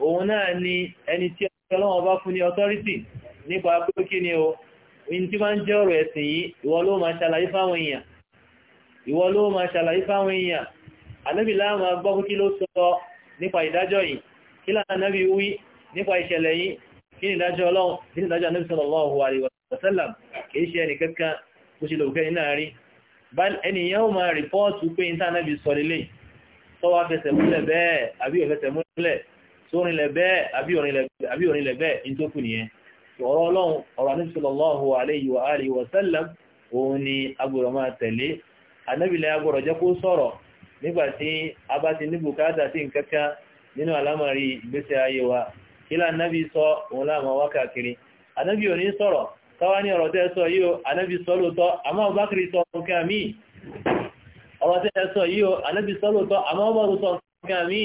òun náà ni ẹni tí ọlọ́wọ́ bá fún ní authority nípa pé kí ni o in tí máa ń jẹ́ ọ̀rọ̀ ẹ̀sìn yìí ìwọ ló máa ṣàlàyé fáwọn èèyàn ìwọ ló máa ṣàlàyé fáwọn èèyàn Ànábì láàmà gbọ́ kí ló sọ nípa ìdájọ́ yìí kí láàrín Ànábì wí nípa ìṣẹ̀lẹ̀ yìí kí ni ìdájọ́ ọlọ́run kí ni ìdájọ́ Ànábì sallallahu alaihi wasallam kìí ṣe ẹni kankan bó ṣe lòkẹ́ iná rí ẹniyàn máa rìpọ́ọ̀tù pé ìntánẹ́bì sọ lélẹ̀ tọ́wà fẹsẹ̀ múlẹ̀ bẹ́ẹ̀ àbí òfẹsẹ̀ múlẹ̀ sórinlẹ̀ bẹ́ẹ̀ àbí òrinlẹ̀ bẹ́ẹ̀ in tó kù nìyẹn ọ̀rọ̀ ọlọ́run ọ̀rọ̀ Ànábì sallallahu alaihi wa alihi wasallam òun ni agbọ̀rọ̀ máa tẹ̀lé anábìlẹ̀ agbọ̀rọ̀ jẹ́ kó sọ̀rọ̀ nígbàtí a bá ti ní bùkátà sí nǹkankan nínú àlámọ̀rí ìgbésẹ̀ wa ilá anábì sọ òun láàmà wákàkiri anábì ò ní sọ̀rọ̀ káwá ní ọ̀rọ̀ tẹ́ sọ yíò anábì sọ lóòótọ́ àmọ́ Abubakar sọ nǹkan míì ọ̀rọ̀ tẹ́ sọ yíò anábì sọ lóòótọ́ àmọ́ Umaru sọ nǹkan míì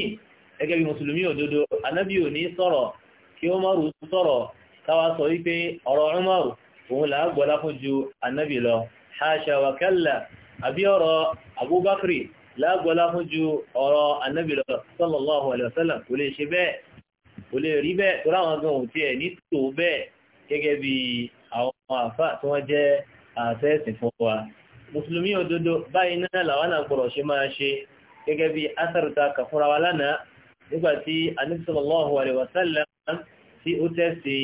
gẹ́gẹ́ bí mùsùlùmí òdodo anábì ò ní sọ̀rọ̀ kí Umaru sọ̀rọ̀ káwá sọ wípé ọ̀rọ̀ Umaru òun làá gbọ́lá fún ju anábì kò lè rí bẹ́ẹ̀ tó láwọn gan òun tiẹ̀ ní tò bẹ́ẹ̀ gẹ́gẹ́ bí àwọn àfà tí wọ́n jẹ́ àfẹ́ẹ̀sì fún wa mùsùlùmí òdodo báyìí náà làwọn náà gbọ́dọ̀ ṣe máa ṣe gẹ́gẹ́ bí asàrùtà kàfúnra wa lánàá nígbà tí anífisọ̀lọ́hu àlèwàsálà tí ó tẹ́sí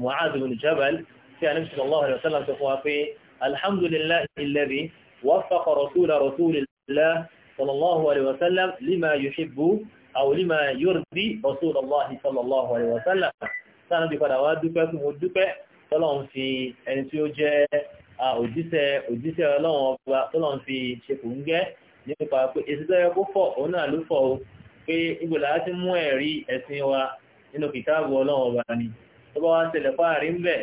mu'adh bin jabal tí anífisọ̀lọ́hu àlèwàsálà sọ fún wa pé alhamdulillah alladhi waffaqa rasula rasulillah sallallahu alaihi wasallam lima yuhibbu أو لما يرضي رسول الله صلى الله عليه وسلم sáà níbi padà wá dúpẹ́ fún mo dúpẹ́ tọ́lọ́n fi ẹni tí ó jẹ́ òjíṣẹ́ òjíṣẹ́ ọlọ́run ọba tọ́lọ́n fi ṣepò ń gẹ́ nípa pé èsì tó yẹ kó fọ̀ òun náà ló fọ̀ o pé ìgbòlá ti mú ẹ̀rí ẹ̀sìn wa nínú kìtáàbù ọlọ́run ọba ni tó bá wá ṣẹlẹ̀ fáàrí bẹ̀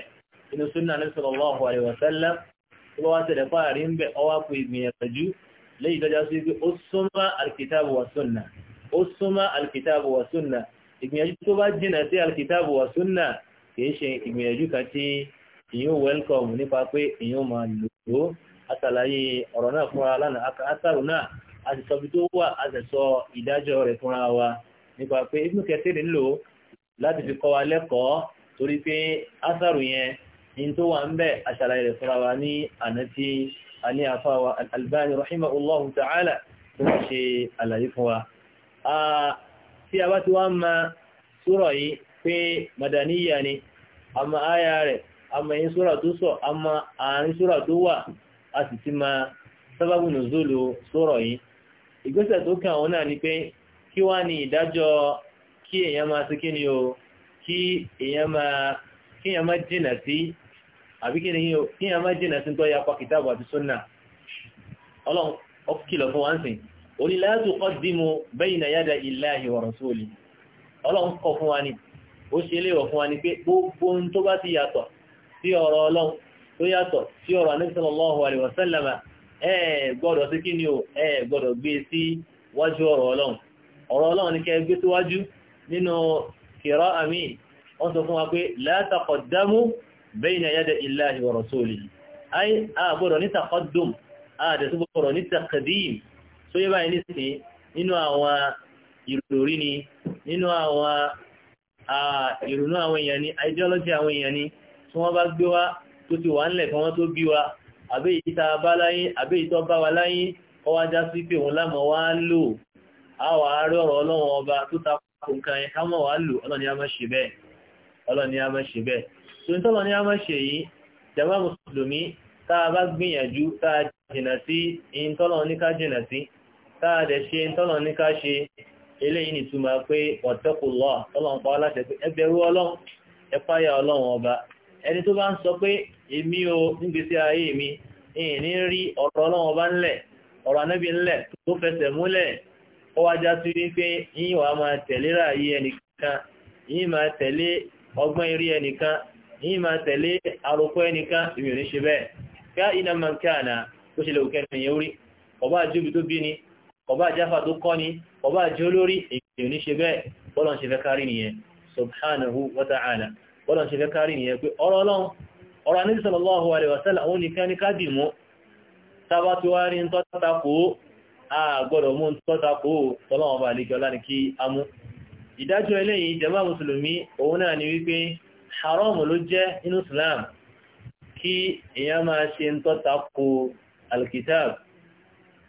inú súnà ní sallallahu ó súnmọ́ alkitabu wa sunna ìgbìyànjú tó bá jìnà sí alkitabu wa sunna kìí ṣe ìgbìyànjú kan tí ìyún welcome nípa pé ìyún máa lò ó àtàlàyé ọ̀rọ̀ náà fúnra lánàá àtàrò náà a sì sọ bí tó wà a sì sọ ìdájọ́ rẹ̀ fúnra wa nípa pé ibùn kẹtẹ́rì ń lò láti fi kọ́ wa lẹ́kọ̀ọ́ torí pé àtàrò yẹn ní tó wà ń bẹ̀ àṣàlàyé rẹ̀ fúnra wa ní àná tí a ní àfáwa Al-Albani rahimahullahu ta'ala tó ń ṣe àlàyé fún wa tí a bá ti wá ma súrọ̀ yìí pé madaniya ni a ma áyà rẹ̀ a ma yín súrọ̀ tó sọ a ma àárín súrọ̀ tó wà a sì ti ma sábàbù nùzúlù súrọ̀ yìí ìgbésẹ̀ tó kàn òun náà ni pé kí wá ní ìdájọ́ kí èèyàn máa sí kí ni o kí èèyàn máa jìnà sí àbí kí èèyàn máa jìnà sí tó yapa kìtàbù àti súnà ọlọ́run ó fún wa ń sìn oní la tuqaddimu bayna yada illahi wa rasuli ọlọ́run kọ̀ fún wa ni ó ṣe léwọ̀ fún wa ni pé gbogbo ohun tó bá ti yàtọ̀ sí ọ̀rọ̀ ọlọ́run tó yàtọ̀ sí ọ̀rọ̀ Ànábì sallallahu alaihi wa sallama ẹ gbọ́dọ̀ sí kí ni o ẹ gbọ́dọ̀ gbé sí wájú ọ̀rọ̀ ọlọ́run ọ̀rọ̀ ọlọ́run ní taqaddum tó yẹ báyìí nísìnyí nínú àwọn ìròrí ni nínú àwọn ìrònú àwọn èèyàn ni ideology àwọn èèyàn ni tí wọ́n bá gbé wá tó ti wà ńlẹ̀ kan wọ́n tó bí wa àbí ìta bá láyé àbí ìtọ́ bá wa láyé ọ wá já sí pé òun lámọ̀ wá ń lò àwọ̀ àárọ̀ ọlọ́run ọba tó ta kò nǹkan yẹn ká mọ̀ wá lò ọlọ́ni a máa ṣe bẹ́ẹ̀ ọlọ́ni a máa ṣe bẹ́ẹ̀ tó ń tọ́lọ́ni a máa ṣe yìí jàmbá mùsùlùmí tá a bá gbìyànjú tá a jìnà sí ìyìn tọ́lọ́ ká jìnà sí táàdẹ̀ ṣe tọ́nà ní ká ṣe eléyìn nìtumà pé ọ̀tẹ́kùlọ́ ọlọ́run pa aláṣẹ pé ẹbẹ̀rú ọlọ́run ẹpáyà ọlọ́run ọba ẹni tó bá ń sọ pé èmi o nígbésí ayé mi ìní rí ọ̀rọ̀ ọlọ́run ọba ńlẹ̀ ọ̀rọ̀ anábì ńlẹ̀ tó fẹsẹ̀ múlẹ̀ ó wá já sí wípé yín wàá máa tẹ̀lé ráàyè ẹnìkan yín máa tẹ̀lé ọgbọ́n eré ẹnìkan yín máa tẹ̀lé ẹnìkan èmi ò ní ṣe bẹ́ẹ̀ ká iná máa ń àná ó ṣe kọba àjáfà tó kọ́ ni kọba àjẹ́ olórí èyàn ní ṣe bẹ́ẹ̀ bọ́lọ̀ ṣe fẹ́ kárí nìyẹn subhanahu wa ta'ala bọ́lọ̀ ṣe fẹ́ kárí nìyẹn pé ọ̀rọ̀ ọlọ́run ọ̀rọ̀ anábì sallallahu alaihi wasallam òun nìkan ní ká dìmú tábà tó wá rí tọ́ta kó a gbọ́dọ̀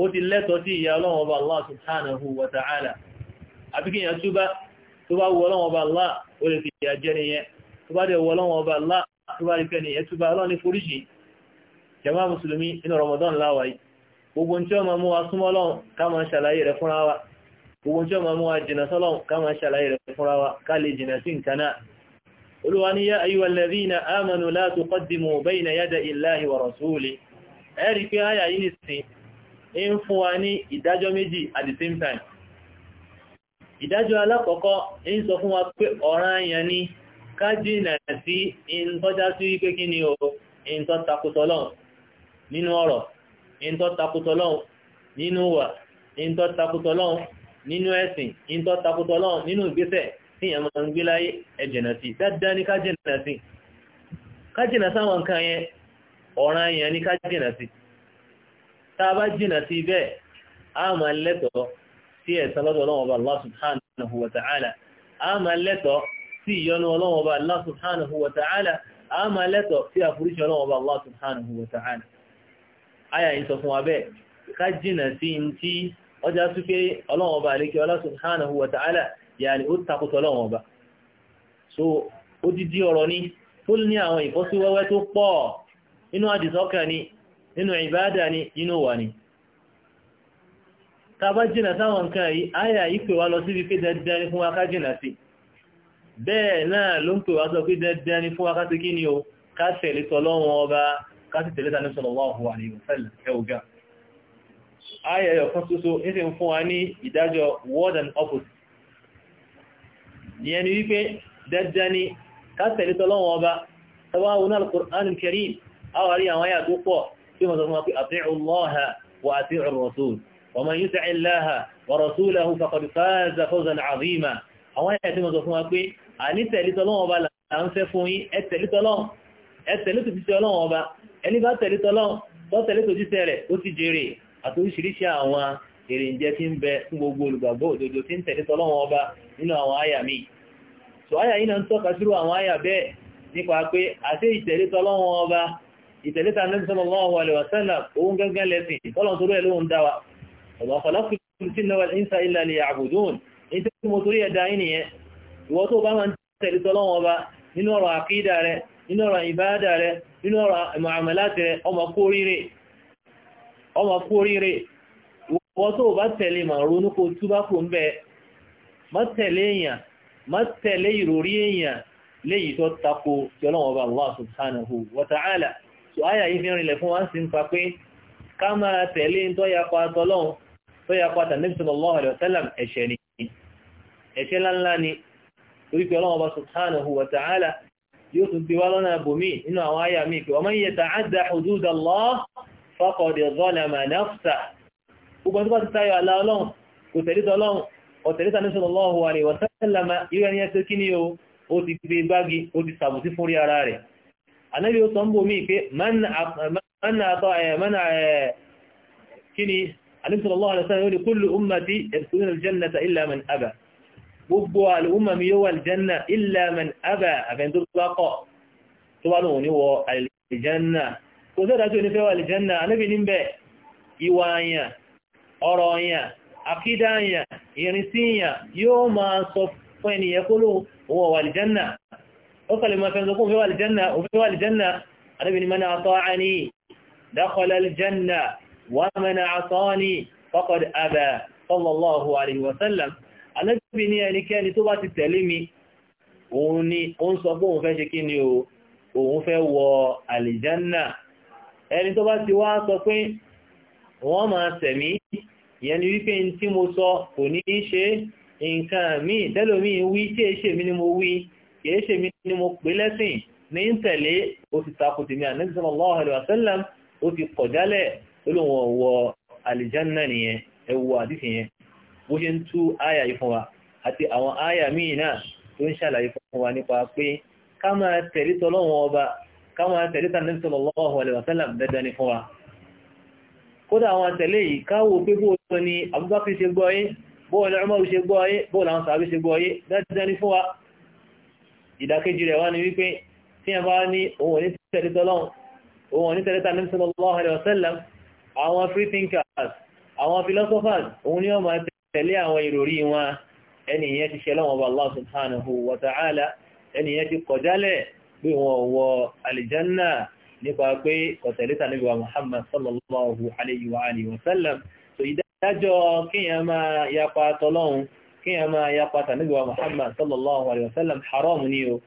ó ti lẹ́tọ̀ọ́ sí ìyà ọlọ́run ọba Allah subhanahu wa ta'ala àbí kí èèyàn túbá tó bá wọ ọlọ́run ọba Allah ó lè fi ìyà jẹ nìyẹn tó bá dẹ̀ wọ ọlọ́run ọba Allah tó bá rí pé nìyẹn túbá ọlọ́run ní foríṣì mùsùlùmí inú Ramadan láwà gbogbo tí ó máa mú wa súnmọ́ ọlọ́run ká máa ṣàlàyé rẹ̀ fúnra wa gbogbo tí ó máa mú wa jìnà sọ́lọ́run ká máa ṣàlàyé rẹ̀ fúnra wa ká lè jìnà sí nǹkan náà olúwa ní yá ayyuhal ladhina amanu la tuqaddimu bayna yada illahi wa rasuli ẹ̀rí pé áyà yìí nìsín ń fún wa ní ìdájọ́ at the same time ìdájọ́ alákọ̀ọ́kọ́ ń sọ fún wa pé ọ̀ranyàn ni ká jìnà sí ìntọ́já sí kí ni o ìntọ́ takùtọ̀lọ́n nínú ọ̀rọ̀ ìntọ́ nínú wà ìntọ́ nínú ẹ̀sìn ìntọ́ nínú ìgbésẹ̀ tí ń gbé láyé sí dáadáa sí tá a bá jìnà sí bẹ́ẹ̀ a máa lẹ́tọ̀ọ́ sí ẹ̀san lọ́dọ̀ ọlọ́run ọba Allah subhanahu wa ta'ala a máa lẹ́tọ̀ọ́ sí ìyọnu ọlọ́run ọba Allah subhanahu wa ta'ala a máa lẹ́tọ̀ọ́ sí àforíṣẹ́ ọlọ́run ọba Allah subhanahu wa ta'ala aya yìí sọ fún wa bẹ́ẹ̀ ká jìnà sí ń tí ọjà súnké ọlọ́run ọba àlékẹ́ Allah subhanahu wa ó takùtọ̀ ọlọ́run so ó dídí ọ̀rọ̀ ni tó ní àwọn ìfọ́síwẹ́wẹ́ tó pọ̀ nínú àdìsọ́kàn ni nínú ìbáadà ni inú wà ní ta bá jìnà sáwọn nǹkan yìí ayà yìí pè wá lọ síbi pé dandan ni fún wa ká jìnà sí bẹ́ẹ̀ náà ló ń pè wá sọ pé dandan ni fún wa ká sí kí ni o ká tẹ̀lé tọlọ́wọ́n ọba ká sì tẹ̀lé tani sallallahu alaihi wasallam ọba tọwọ́ àwọn Al-Qur'an Al-Karim àwárí àwọn ayà tó pọ̀ tí wọ́n sọ fún wa pé ati'u wa ati'u ar-rasul wa man yuti'i Allaha wa rasulahu faqad faza 'azima àwọn ẹ̀yà tí wọ́n sọ fún wa pé àní ọba là ń fẹ́ fún yín ẹ tẹ̀lítọ́ ọba ẹni bá tẹ̀lítọ́ ọba ìtẹ̀lẹ́ta Ànábì sallallahu alaihi wasallam òun gẹ́gẹ́ lẹ́sìn tọ́lọ̀ torí ẹ̀ lóhun dáwà ọ̀gbà khalaqtul jinna wal insa illa liya'budun ní tí mo torí ẹ̀dá yìí nìyẹn ìwọ tó bá máa ń tẹ̀lé tọ́lọ́wọ́ ọba nínú ọ̀rọ̀ àkídà rẹ nínú ọ̀rọ̀ ìbáadà rẹ nínú ọ̀rọ̀ muamalati rẹ ọmọ kú oríire ìwọ tó bá tẹ̀lé mà ronú kó túbá ìròrí èèyàn léyìí tó tako tí ọlọ́wọ́ ọba Allah subhanahu wa ta'ala so àyà yìí fi rinlẹ̀ fún wa ń sì ń pa pé ká máa tẹ̀lé tó yapa tọlọ́run tó yapa tànẹ́bí sallallahu alaihi wasallam ẹ̀ṣẹ̀ ni ẹ̀ṣẹ̀ ńláńlá ni torí pé ọlọ́run ọba subhanahu wa yóò tún ti wá lọ́nà àbòmí nínú àwọn àyà mi pé waman yata'adda hududallah faqad zalama nafsah gbogbo tó bá ti táyọ̀ àlà ọlọ́run kò tẹ̀lé anábí ó sọ ń bò mí pé mọ́nà àtọ́ ẹ̀mọ́nà kíni alìsọ̀lọ́wọ́ alìsọ̀lọ́wọ́ yóò di kúlù ummati ẹ̀sùn aljannata illa man aba gbogbo al'umma mi yóò wà aljanna illa man aba àfẹ́ntó lápọ̀ tó wà lóhun ní wọ aljanna kò sẹ́dá tó ní fẹ́ wà aljanna anábí ní bẹ́ ìwà àyàn ọ̀rọ̀ àyàn yóò máa sọ fún ẹniyẹ kó wọ aljanna ọkọ̀ lè máa fẹ́ sọ fún òfin wà aljanna arábìnrin ni man ata'ani dakhala aljanna wa man asani faqad aba sallallahu alaihi wasallam alábìnrin ni ẹnikẹ́ni tó bá ti tẹ̀lé mi òun ni ó ń sọ pé òun fẹ́ aljanna ẹni tó bá ti wá sọ pé wọ́n nǹkan míì tẹ́lòmíì wí tí èṣe mi ni mo wí kìí ṣe mi ni mo pè lẹ́sìn ní ń tẹ̀lé ó ti takò tèmi ànábì sallallahu alaihi wasallam ó ti kọ̀jálẹ̀ olóhùn ọ̀wọ̀ àlìjánná nìyẹn ẹ̀wọ̀ àdìsí yẹn bó ṣe ń tú àyà yìí fún wa àti àwọn àyà míì náà tó ń ṣàlàyé fún wa nípa pé ká máa tẹ̀lé tọlọ́hun ọba ká máa tẹ̀lé tànábì sallallahu alaihi wasallam dandan ni fún wa kódà àwọn àtẹ̀lé yìí ìdákejì rẹ̀ wá ní wípé tí a bá ní ohun ní tẹ̀lé tọ́lọ́n ohun ní tẹ̀lé tàbí thinkers àwọn philosophers òun ni wọ́n máa tẹ̀lé àwọn ìròrí wọn ẹniyàn ti ṣe lọ́wọ́ Allah subhanahu wa ta'ala ẹniyàn ti kọjálẹ̀ pé wọ́n wọ alìjánná nípa pé kọ̀tẹ̀lé tàbí wa Muhammad sallallahu alaihi wa alihi wasallam so ìdájọ́ kíyàn máa yapa tọ́lọ́hun kí a máa ya pàtà níbi wa Muhammad sallallahu alaihi wasallam haram ni o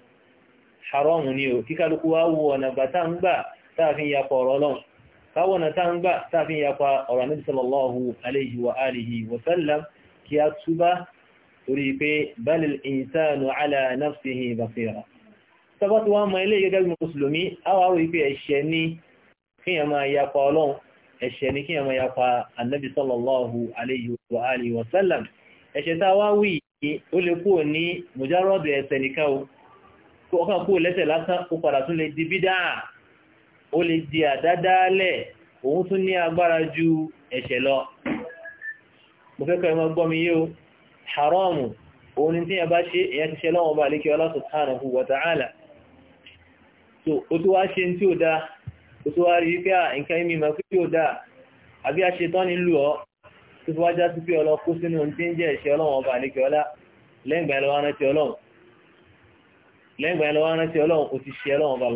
haram ni o kí kálukú wá wo ọ̀nà gbà tá ń gbà táàfin yapa ọ̀rọ̀ lọ́n káwọn ọ̀nà tá ń gbà táàfin yapa ọ̀rọ̀ níbi sallallahu alaihi wa alihi wasallam kí a túbá torí pé balil insanu ala nafsihi basira sabatu ma ilé gẹ́gẹ́ bí mùsùlùmí àwọn àwọn ìpé ẹ̀ṣẹ̀ ni kí a máa yapa ọlọ́run ẹ̀ṣẹ̀ ni kí a máa yapa annabi sallallahu alaihi wa alihi wasallam ẹ̀ṣẹ̀ tá a wá wí yìí ó lè kúrò ní mùjárọ́dù ẹ̀ṣẹ̀ nìkan o kó ọkàn kúrò lẹ́ṣẹ̀ lásán ó padà tún lè di bídà ó lè di àdádálẹ̀ òun tún ní agbára ju ẹ̀ṣẹ̀ lọ mo fẹ́ kọ́ ẹ gbọ́ mi yé haramu òun ni tí yẹn bá ṣe èyàn ti ṣe lọ́wọ́ bá lékè Allah subhanahu wa ta'ala so ó tó wá ṣe tí ó dáa ó tó wá rí pé nǹkan mímọ̀ pé ó dáa àbí àṣetán ni lù ọ́ tí fi wájá sí pé ọlọ́ kó sínú tí ń jẹ́ ọba àníkẹ́ ọlá lẹ́gbàá ẹlọ́wọ́ rántí kò ti ṣe ọba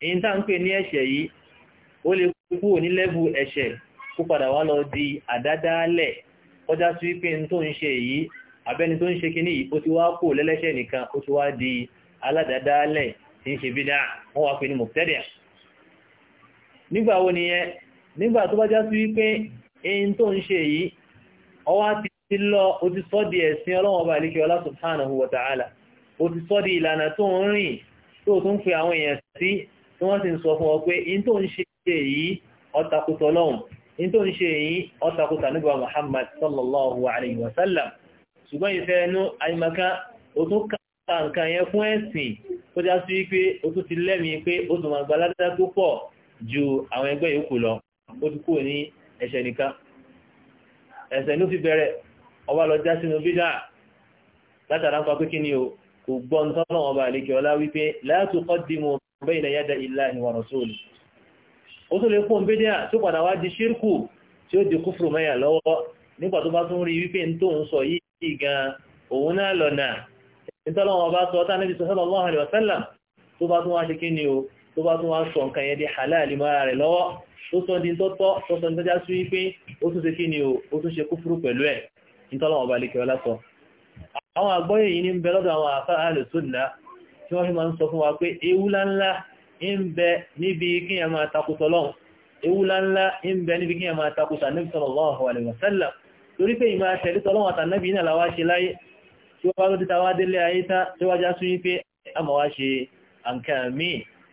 èyí tá ń pè ní ẹ̀ṣẹ̀ yìí ó lè kú lẹ́bù ẹ̀ṣẹ̀ kó lọ di àdádálẹ̀ kọjá sí pé n ti wá lẹ́lẹ́ṣẹ̀ nìkan ó ti wá di aládàádálẹ̀ tí ń ṣe wọ́n wá pè nígbà tó bá já sí wípé èyí tó ń ṣe yìí ọwá ti ti lọ o ti sọ́ di ẹ̀sìn ọlọ́wọ́ ọba àlíkẹ́ ọlá subhanahu wa ta'ala o ti sọ́ di ìlànà tó ń rìn tó tún fi àwọn èèyàn sí tí wọ́n sì ń sọ fún ọ pé in tó ń ṣe ọtakùtọ̀ lọ́hùn tó Muhammad sallallahu alayhi wa sallam ṣùgbọ́n ìfẹ́ ẹnu o tún ká nǹkan yẹn fún ẹ̀sìn tó já sí wípé o tún ti lẹ́mìí pé o tún máa ju ó ti kúrò ní ẹ̀ṣẹ̀ nìkan ẹ̀ṣẹ̀ ló fi bẹ̀rẹ̀ ọba lọ já sínú bídà látara nǹkan pé kí ni o kò gbọ́ ń tọ́lọ̀ ọba àlekè ọlá wípé la tuqaddimu bayna yada illahi wa rasuli ó tó lè fún bídà tó padà wá di ṣírkù tí ó di kúfùrù mẹ́yà lọ́wọ́ nígbà tó bá tún rí wípé ń tó ń sọ yìí gan òun náà lọ̀nà ìtọ́lọ́wọ́ bá sọ tánàbí sallallahu alaihi wasallam tó bá tún wá ṣe kí ni o tó bá tún wá sọ nǹkan yẹn di halal mara rẹ̀ lọ́wọ́ ó sọ di tọ́tọ́ tó sọ ní tọ́já sí wípé ó tún ṣe kí ni o ó tún ṣe kúfúrú pẹ̀lú ẹ̀ nítọ́lọ́ ọba lè kẹwàá lásọ àwọn àgbọ́yé yìí ní ń bẹ lọ́dọ̀ àwọn àfá àlùsùnà tí wọ́n fi máa ń sọ fún wa pé ewúláńlá ń bẹ níbi kí ẹ máa takùtọ̀ lọ́hùn ewúláńlá ń bẹ níbi kí ẹ máa takùtà níbi lọ́wọ́ àtànẹ́bì náà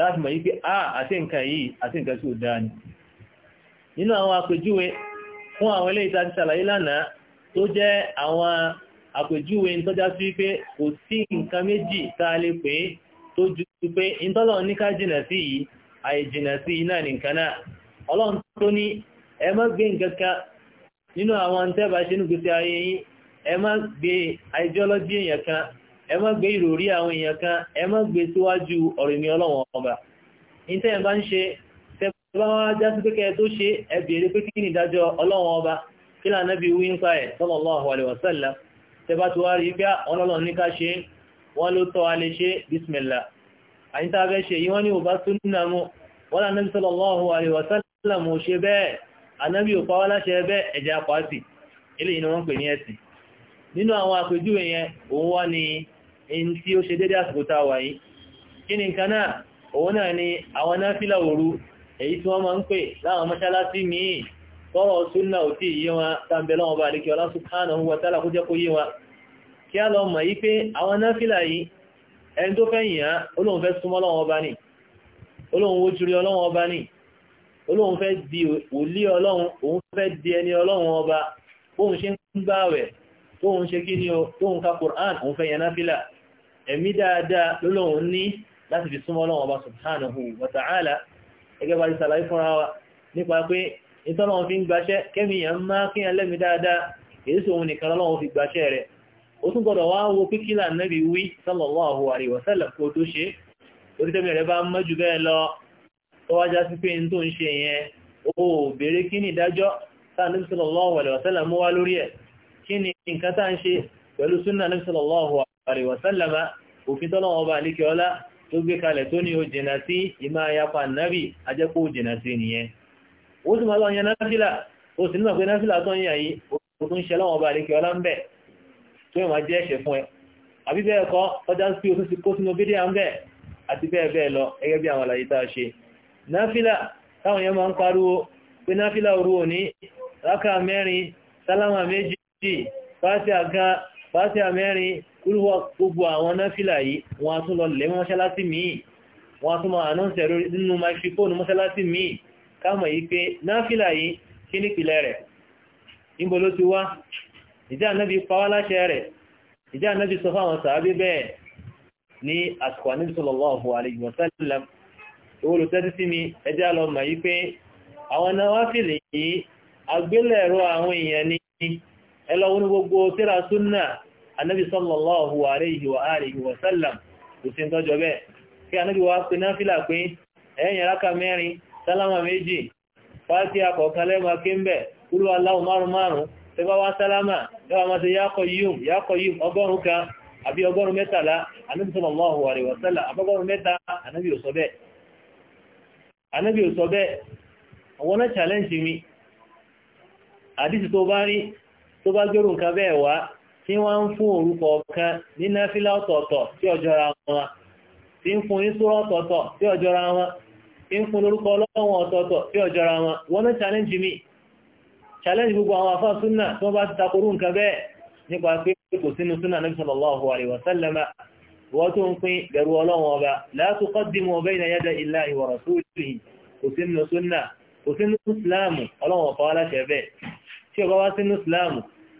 láti mọ̀ yí pé a àti nǹkan yìí àti nǹkan tí ó dáa ni nínú àwọn àpèjúwe fún àwọn ilé ìta ti ṣàlàyé lánàá tó jẹ́ àwọn àpèjúwe tọ́já sí pé kò sí nǹkan méjì a lè pè tó ju pé ìtọ́lọ̀ ní ká jìnà sí yìí àìjìnà sí iná nìkan náà ọlọ́run tó ní ẹ má gbé nǹkan nínú àwọn tẹ́bà ṣe ẹ má gbé ìròrí àwọn èèyàn kan ẹ má gbé síwájú ọ̀rọ̀ ìmí ọlọ́wọ̀n ọba ìtẹ́ ẹ̀ bá ń ṣe tẹ́bá wá já pé kẹ́ẹ̀ tó ṣe ẹ pé kí ni ìdájọ́ ọlọ́wọ̀n ọba kí lànà bí wí sallallahu alaihi wasallam tẹ́bá tó wá rí pé ah, ọlọ́lọ́run ní bismillah àyíká fẹ́ ṣe yí wọ́n ní ò mu wọ́n lànà sallallahu alaihi wasallam ò ṣe bẹ́ẹ̀ ànábì ò pawọ́ láṣẹ bẹ́ẹ̀ ẹ̀jẹ̀ apá sí eléyìí ni wọ́n nínú àwọn àpèjúwe yẹn òun wá ni in tí ó ṣe dédé àsìkò tá a wà yìí kí ni nǹkan náà òun náà ni àwọn náfílà òru èyí tí wọ́n máa ń pè láwọn mọ́ṣáláṣí míì tọ́rọ̀ súnà ò tí yé wọn tàbẹ̀lọ́ ọba àríkẹ́ ọlá subhanahu wa ta'ala kó jẹ́ kó yé wọn kí a ni olóhun ó jùrí ọlọ́wọ́ ọba ni olóhun fẹ́ o tóhun ka Qur'an òun fẹ́ yẹn náfílà ẹ̀mí dáadáa lọ́lọ́run ní láti fi súnmọ́ Ọlọ́run Ọba subhanahu wa ta'ala gẹ́gẹ́ bá ti sàlàyé fúnra wa nípa pé ìtọ́lọ́run fi ń gbaṣẹ́ kẹ́mìyàn máa kí ẹ lẹ́mí dáadáa èyí sóhun nìkan lọ́lọ́run fi gbaṣẹ́ rẹ̀ ó tún gbọ́dọ̀ wá wo kíkílà Nábì wí sallallahu alaihi wa sallam kó tó ṣe orítẹ́mi rẹ̀ bá mọ́jú bẹ́ẹ̀ lọ tó wájá sí pé tó ń ṣe yẹn pẹ̀lú súnà Nábì sallallahu òfin tọ́lọ́ ọba àlékè ọlá tó gbé kalẹ̀ tó ní o jìnà sí ìmá ayapa nábì ajẹ́pọ̀ jìnà sí nìyẹn ó sì máa lọ yan náfìlà ó sì nígbà pé náfìlà tó ń yàn yìí ó tún ṣe lọ́wọ́ ọba àlékè ọlá ń bẹ̀ tó ìwà jẹ́ ẹ̀ṣẹ̀ fún ẹ àbí bẹ́ẹ̀ kọ́ ọjà ń pè ó tún ti kó sínú bídíà ń bẹ̀ àti bẹ́ẹ̀ bẹ́ẹ̀ lọ gẹ́gẹ́ bí àwọn àlàyé tá a ṣe náfìlà táwọn yẹn máa ń pariwo pé náfìlà òru òní rákà mẹ́rin sálámà méjì fásíà gan fásíà mẹ́rin kúrúwọ́ gbogbo àwọn náfílà yìí wọ́n tún lọ lẹ́ mọ́ṣálásí míì wọ́n tún máa anọ́nsẹ̀ nínú microphone mọ́ṣálásí míì káàmọ̀ yìí pé náfílà yìí kí ní pìlẹ̀ rẹ̀ níbo ló ti wá ìdí ànábi pawá láṣẹ rẹ̀ ìdí ànábi sọ fáwọn sàábé bẹ́ẹ̀ ní àsìkò ànábi sallallahu alayhi wa sallam owó ló tẹ́tí sí mi ẹjẹ́ lọ mọ̀ yìí pé annabi sallallahu alayhi wa alihi wa sallam kò sí tọ́jọ bẹ́ẹ̀ kí anábì wá pín náà fílà pín ẹ̀yìn ráka mẹ́rin sálámà méjì fásí akọ̀ọ̀kan lẹ́mà kí ń bẹ̀ kúrò aláwọ̀ márùn márùn tẹ bá ya qayyum ya qayyum kan àbí ọgọ́rùn sallallahu alayhi wa sallam abọ́gọ́rùn challenge mi tí wọ́n ń fún orúkọ kan ní náfílà ọ̀tọ̀ọ̀tọ̀ tí ọjọ́ra wọn tí ń fún ìṣúra ọ̀tọ̀ọ̀tọ̀ tí ọjọ́ra wọn tí ń fún orúkọ ọlọ́wọ̀n ọ̀tọ̀ọ̀tọ̀ tí ọjọ́ra wọn wọ́n ní challenge mi challenge gbogbo àwọn afọ́ súnà tí wọ́n bá ti takorú nǹkan bẹ́ẹ̀ nípa pé kò sínú súnà Nabi sallallahu alaihi wa sallam wọ́n tó ń pín bẹ̀rù ọlọ́wọ̀n ọba la tuqaddimu bayna yada illahi wa rasulihi kò sínú súnà kò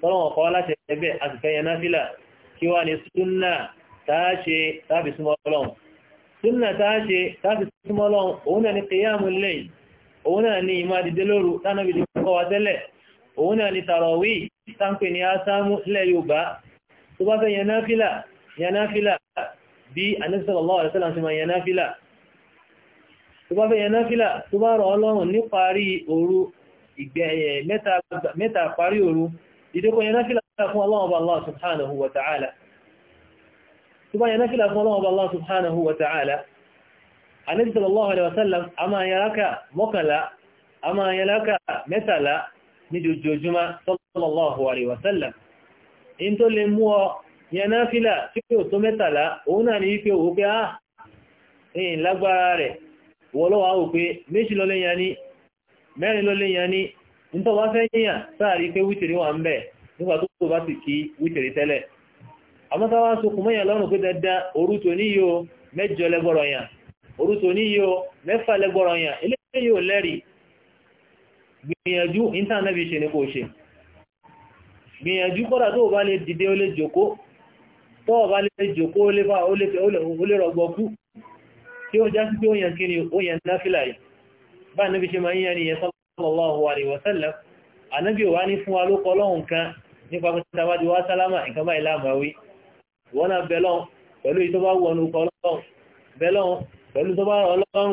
tọ́lọ́wọ̀n kọ́ láti ẹgbẹ́ àtìkẹyẹ náfílà kí wá ní súnnà tàáṣe tàbí súnmọ́lọ́n súnnà tàáṣe tàbí súnmọ́lọ́n òun náà ni kìyàmù lè òun náà ni ìmá dìde lóru tánàbí ti kọ́ wa tẹ́lẹ̀ òun náà ni tàrọ̀wí tánpé ìdíkò yẹn náfílà fún Ọlọ́run Allah subhanahu wa ta'ala tó bá yẹn náfílà fún Ọlọ́run Allah subhanahu wa ta'ala Ànábì sallallahu alaihi wasallam a máa yẹ rákà mọ́kànlá a máa yẹ rákà mẹ́tàlá ní jojojúmá sallallahu alaihi wasallam in tó lè mú ọ yẹn náfílà tí ó tó mẹ́tàlá òun náà ní wípé òun pé ah ìyìn lágbára rẹ̀ wọ́lọ́wà nítọ́ bá fẹ́ yíyàn sáàrí pé wítìrí wà ń bẹ̀ nígbà tó tó bá sì kí wítìrí tẹ́lẹ̀ àmọ́sáwá sokùn mọ́yàn lọ́rùn pé dandan òru tòní yìí o mẹ́jọ lẹ́gbọ́rọ̀ yàn òru tòní yìí o mẹ́fà lẹ́gbọ́rọ̀ yàn eléyìí yóò lẹ́rìí gbìyànjú intanẹ́bì ṣe ni kò ṣe gbìyànjú kọ́dà tó bá lè dìde ó lè jòkó tó bá lè jòkó ó lè rọgbọkú tí ó já sí pé ó yàn kí ni ó yàn náfìlà yìí bá níbi ṣe máa ń yàn nìyẹn sọ́ sallallahu alaihi wa sallam ànábì wá ní fún wa ló kọ́ lọ́hùn kan nípa pé tàbájú wá sálámà nǹkan báyìí láàmàwí wọ́n náà bẹ́lọ́n pẹ̀lú ìtọ́bá wọnú kọ́ lọ́hùn bẹ́lọ́n pẹ̀lú tọ́bá ọlọ́run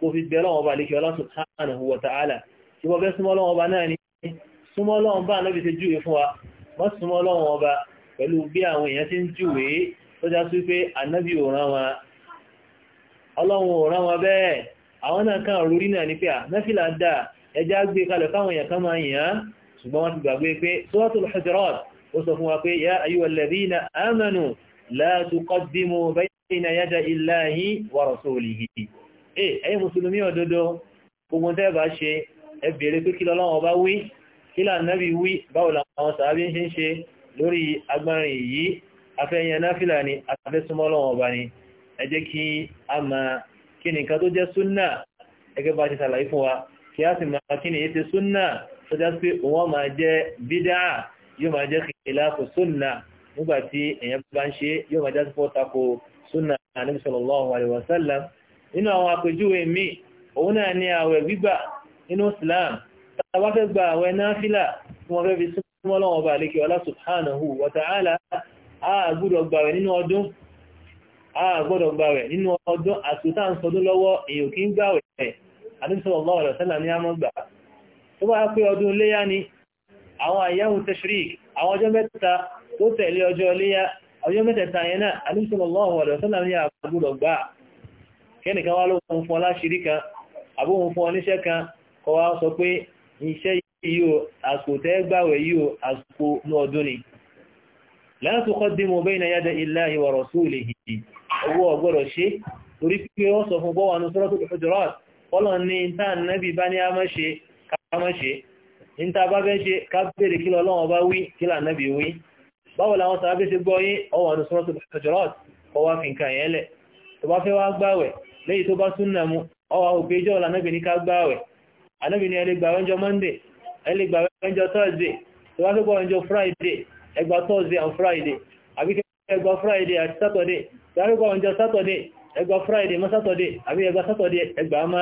kò fi bẹ́lọ́n ọba lè kí ọlá subhanahu wa ta'ala tí wọ́n fẹ́ súnmọ́ ọlọ́run ọba náà ni súnmọ́ ọlọ́run bá ànábì ti júwe fún wa wọ́n súnmọ́ ọlọ́run ọba pẹ̀lú bí àwọn èèyàn ti ń júwe tó já sí pé ànábì ò rán wọn ọlọ́run ò wọn bẹ́ẹ̀ àwọn náà kàn rúrí náà ní pé à náfìlà dáa ẹjá gbé kalẹ̀ fáwọn èèyàn kan máa yìí hàn ṣùgbọ́n wọ́n ti gbàgbé pé suratul hujurat ó sọ fún wa pé ya ayyuhal ladhina amanu la tuqaddimu bayna yada illahi wa rasulihi ẹ ẹ̀yin mùsùlùmí òdodo gbogbo tẹ́ bá ṣe ẹ bèèrè pé kí lọ́lọ́wọ́ bá wí kí lànàbí wí báwo làwọn a máa kí nìkan tó jẹ́ súnnà ẹgẹ́ bá ti sàlàyé fún wa kíyàsì màkí ni ètè súnà tó já pé wọ́n máa jẹ́ bídà yóò máa jẹ́ kìláàfù súnà nígbà tí èèyàn bá ń ṣe yóò máa já sí fọ́ tako súnà ànábì sallallahu alaihi wasallam nínú àwọn àpèjúwe míì òun náà ni àwẹ̀ gbígbà nínú Islam tàbá fẹ́ gba àwẹ̀ náfílà tí wọ́n fẹ́ fi súnmọ́ bá lékè àdínsọ́lọ́wọ́ rẹ̀ sẹ́là ní àmọ́gbà tó bá pé ọdún léyá ni àwọn àyáhù tashrik àwọn ọjọ́ mẹ́ta tó tẹ̀lé ọjọ́ léyá ọjọ́ mẹ́tẹ̀ta yẹn náà àdínsọ́lọ́wọ́ rẹ̀ sẹ́là ní àgbúrọ̀ gbà kẹ́nìkan torí pé wọ́n sọ fún bọ́wọ́ anú Suratul Hujurat Ọlọ́run ní tá ànábì bá ní àmọ́ṣe kámọ́ṣe ní tá bá fẹ́ ṣe ká bèèrè kí lọ́wọ́ bá wí kí lànábì wí báwo làwọn sàábé ṣe gbọ́ yín ọwọ́ ọdún sọ́rọ́tò Hujurat ọwọ́ àfihàn yẹn lẹ̀ tó bá fẹ́ wá gbàwẹ̀ lẹ́yìn tó bá súnnà mu ọwọ́ ògbéjọ́ lànábì ní ká gbàwẹ̀ Thursday tó bá fẹ́ gbọ́ ọjọ́ Friday ẹgbà Thursday and Friday àbíkẹ́ ẹgbà Friday àti Saturday tó bá fẹ́ Saturday ẹgbà friday mọ́ saturday àbí ẹgbà saturday ẹgbà má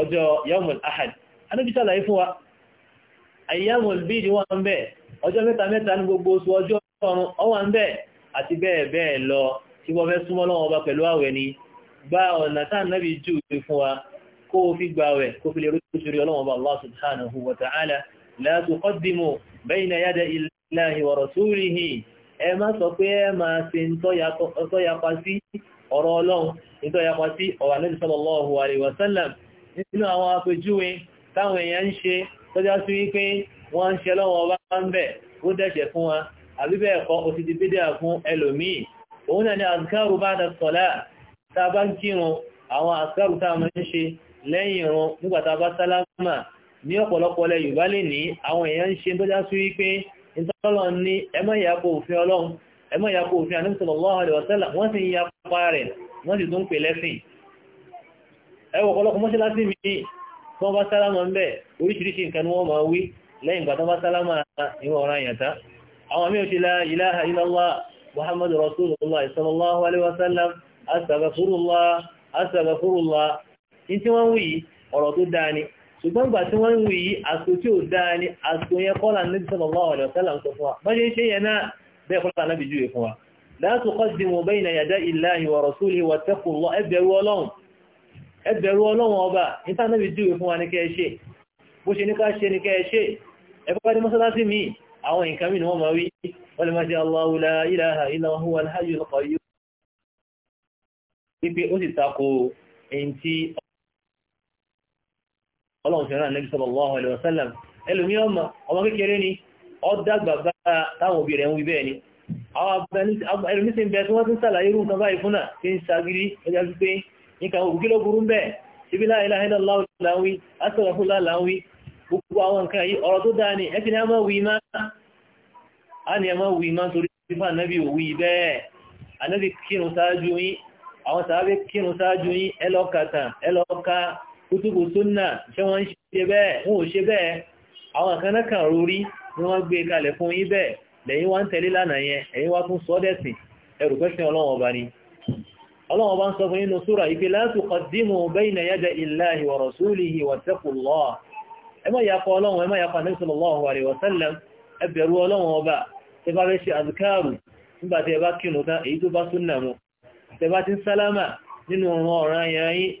ọjọ́ yawmul ahad anábísà láì fún wa ayyamul bídì wà ń bẹ ọjọ́ mẹ́ta mẹ́ta ní gbogbo oṣù ọjọ́ ọrùn ọwà ń bẹ àti bẹ́ẹ̀ bẹ́ẹ̀ lọ tí wọ́n fẹ́ súnmọ́ lọ́wọ́ ọba pẹ̀lú àwẹ̀ ni gba ọ̀nà tá nábì jù fún wa kó o fi gba àwẹ̀ kó fi lè rúṣùrí ẹ má sọ pé ẹ máa ṣe ntọ́yapa sí ọ̀rọ̀ ọlọ́run ntọ́yapa sí ọ̀rọ̀ Ànábì sallallahu alaihi wasallam nínú àwọn apèjúwe táwọn èèyàn ń ṣe tọ́já sí wípé wọ́n ń ṣe lọ́wọ́ ọba ń bẹ̀ ó dẹ̀ṣẹ̀ fún wa àbí bẹ́ẹ̀ kọ́ ó ti di bídà fún ẹlòmíì òun náà ni àzùkárù ba'da sọ̀lá tá a bá ń kírun àwọn àzùkárù tá a máa ń ṣe ìtọ́lọ́ ní ẹmọ́ ìyàpò òfin ọlọ́run ẹmọ́ ìyàpò òfin àníṣọ́lọ́wọ́ àdìwọ̀sẹ́là wọ́n sì ń ya pa rẹ̀ wọ́n sì tún pè lẹ́sìn ẹwọ̀ ọ̀pọ̀lọpọ̀ mọ́ṣáláṣí mi tí wọ́n bá sálámà ń bẹ̀ oríṣiríṣi nǹkan ni wọ́n máa wí lẹ́yìn ìgbà tó bá sálámà ìwọ̀n ọ̀ràn àyàtá àwọn mí ò ti la ilaha illallah muhammadu rasulullah sallallahu alaihi wasallam astaghfirullah astaghfirullah ní tí wọ́n wí ọ̀rọ̀ tó dáa ṣùgbọ́n ìgbà tí wọ́n ń wí yí àsò tí ó dáa ní àsò yẹn kọ́lá níbi sallallahu alaihi wasallam sọ fún wa bọ́n ṣe yẹn náà bẹ́ẹ̀ kọ́lá náà bí júwe fún wa la tuqaddimu bayna yaday illahi wa rasulihi wattaqullah ẹ bẹ̀rù Ọlọ́run ẹ bẹ̀rù Ọlọ́run ọba níta náà bí júwe fún wa ní kẹ́ẹ̀ ṣe bó ṣe ní ká ṣe ní kẹ́ẹ̀ ọlọ́run fẹ́ràn nẹ́bí sallallahu alaihi wasallam ẹlòmí ọmọ ọmọ kékeré ni ọ dàgbà bá táwọn òbí rẹ̀ ń wí bẹ́ẹ̀ ni ẹlòmí sì ń bẹ tí wọ́n ti ń sàlàyé irú nǹkan báyìí fúnà tí ń sagiri ẹjá sí pé nǹkan òkú ló burú bẹ́ẹ̀ síbi la ilaha illallah láwí astaghfirullah láwí gbogbo àwọn nǹkan yìí ọ̀rọ̀ tó dáa ni ẹ ti ní àmọ́ wí má kútùbù súnnà ṣe wọ́n ṣe bẹ́ẹ̀ wọ́n ò ṣe bẹ́ẹ̀ àwọn àkánákà rúrí ni wọ́n gbé kalẹ̀ fún yín bẹ́ẹ̀ lẹ́yìn wá ń tẹ̀lé lánàá yẹn ẹ̀yin wá tún sọ́dẹ̀sìn ẹrù pẹ́sìn ọlọ́wọ́n ọba ni ọlọ́wọ́n ọba ń sọ fún inú súra ìpè la tuqaddimu bayna yada illahi wa rasulihi wattaqullah ẹ má yapa ọlọ́wọ́n ẹ ọ̀ràn ọ̀ràn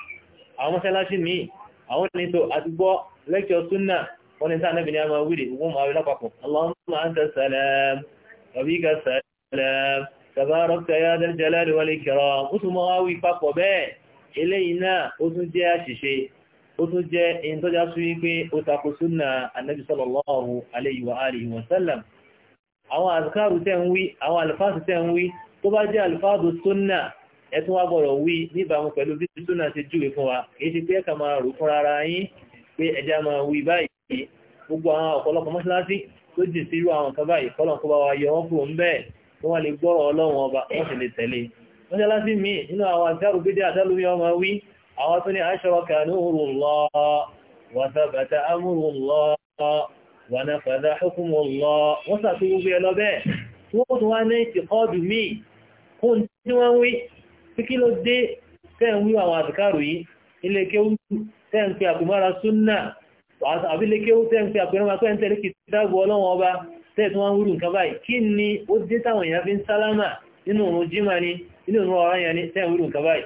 àwọn mọ́sálásí ní àwọn nìtò àdúgbọ́ lẹ́kṣọ́ súnà wọ́n ni sáà nẹ́bìnrin àmà wíri wọ́n máa rí lápapọ̀ Allahumma anta salam wa bika salam tabarakta ya dhal jalali wal ikram ó tún máa wí papọ̀ bẹ́ẹ̀ eléyìí náà ó tún jẹ́ àṣìṣe ó tún jẹ́ èyí tó já sí àwọn àzikáàrù tẹ́ ń wí àwọn àlùfáàsù tẹ́ ń wí tó bá jẹ́ àlùfáàsù súnà ẹtún wá gbọ́dọ̀ wí níbàámu pẹ̀lú bí súnà ti júwe fún wa kì í ṣe pé ẹ̀ka máa ara yín pé ẹja máa wí báyìí gbogbo àwọn ọ̀pọ̀lọpọ̀ mọ́ṣáláṣí tó jì sí irú àwọn nǹkan báyìí kọ́lọ̀ kó bá wa yọ wọ́n bẹ́ẹ̀ kí wọ́n ọba wọ́n sì lè tẹ̀lé mọ́ṣáláṣí míì nínú àwọn ọmọ wí àwọn tó ní wọ́n tún pé kí ló dé tẹ́ ń wí àwọn àdìkárò yìí ilé kéwú tẹ́ ń pe àpèmọ́ra súnà àbí ilé kéwú tẹ́ ń pe àpèmọ́ra pé ń tẹ̀lé kìtàbù ọlọ́run ọba tẹ́ tí wọ́n ń wúrù nǹkan báyìí kí ni ó dé táwọn èèyàn fi ń sálámà nínú òun jímà ni nínú òun ọ̀rọ̀ yẹn tẹ́ wúrù nǹkan báyìí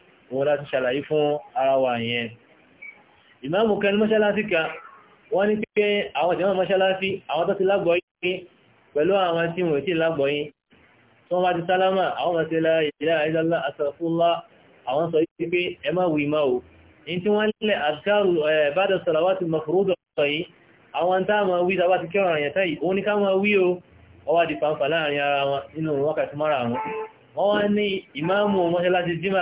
wọn láti ṣàlàyé fún ara wa yẹn ìmáàmù kan mọ́ṣáláṣí kan wọ́n ní pé àwọn jàmá mọ́ṣáláṣí àwọn tó ti lágbọ́yé pẹ̀lú àwọn tí wọ́n ti lágbọ́yé tí wọ́n bá ti sálámà àwọn bá ti la ilaha illallah astaghfirullah àwọn sọ yìí pé ẹ má wí má o ní tí wọ́n lẹ̀ àdkárù ba'da salawati mafruda sọ yìí àwọn tá ma wí tàbá wá ní ìmáàmù mọ́ṣáláṣí jímà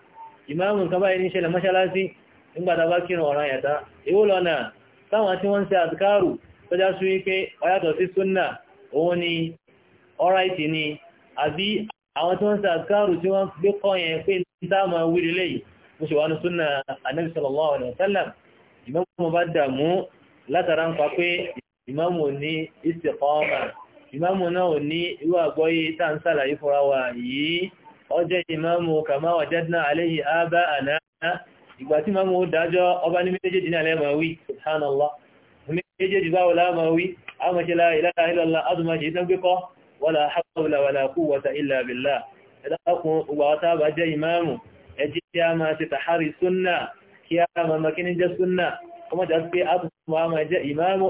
ìmáàmù nǹkan báyìí ní ṣẹlẹ̀ mọ́ṣáláṣí nígbàtà bá kírun ọ̀ràn yàtá èwo lọ́nà táwọn tí wọ́n ń ṣe àzikáàrù tọ́já sí wípé ọyàtọ̀ sí súnà òun ni ọ́ráìtì ni àbí àwọn tí wọ́n ń ṣe àzikáàrù tí wọ́n gbé kọ́ yẹn pé táàmù wíri lẹ́yìn mo ṣe wà ní súnà alaihi wasallam ìmáàmù bá dààmú látara ń pa pé ìmáàmù ní istiqama ìmáàmù náà ò ní ọjẹ́ ìmáàmù kàmá wàjẹ́dínà aléhì ábá àná ìgbà tí máàmù ó dájọ́ ọba ní méjèèjì ní alẹ́ màá wí subhanallah méjèèjì báwo láà máa wí ámàṣẹ́lá ilaha illallah azùmáṣe ìtàn gbé kọ́ wala hawla wala quwwata illa billah ẹ̀dàkùn ọgbà wata bá jẹ́ ìmáàmù ẹjí tí a máa ṣe tàhárí súnnà kí a máa makíní jẹ́ súnnà kuma da pé a máa jẹ́ ìmáàmù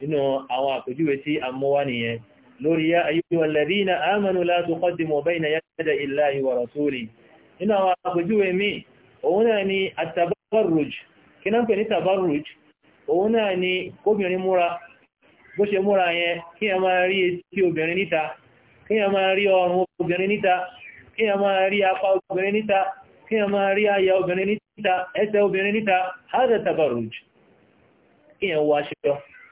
nínú àwọn àpèjúwe tí a mọ́ wá nìyẹn lórí yá ayyuhal ladhina amanu la tuqaddimu bayna yaday illahi wa rasuli nínú àwọn àpèjúwe mi òun náà ni atabarruj kí náà pè ní tabarruj òun náà ni kóbìnrin múra bó ṣe múra yẹn kí a máa rí etí obìnrin níta kí a máa rí ọrùn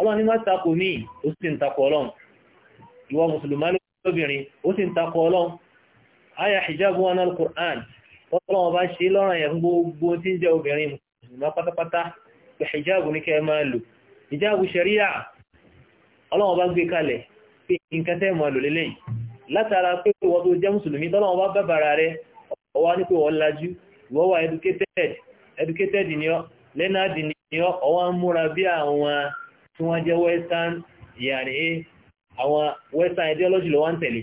ọlọ́run ní má takò ní ó sì ń takò ọlọ́run ìwọ mùsùlùmí lóbìnrin ó sì ń ọlọ́run aya hijabu wọn náà Qur'an ọlọ́run bá ṣe lọ́rọ̀ gbogbo tí ń obìnrin mùsùlùmí pátápátá pé hijabu ní kẹ́ máa lò hijabu sharia ọlọ́run ọba gbé kalẹ̀ pé nǹkan tẹ́ máa lò lélẹ́yìn látara pé tó jẹ́ tọ́lọ́run bàbàrà rẹ ọwá ní pé wọ́n lajú wọ́n wà tí wọ́n jẹ́ western yàrí àwọn western ideology lọ wá ń tẹ̀lé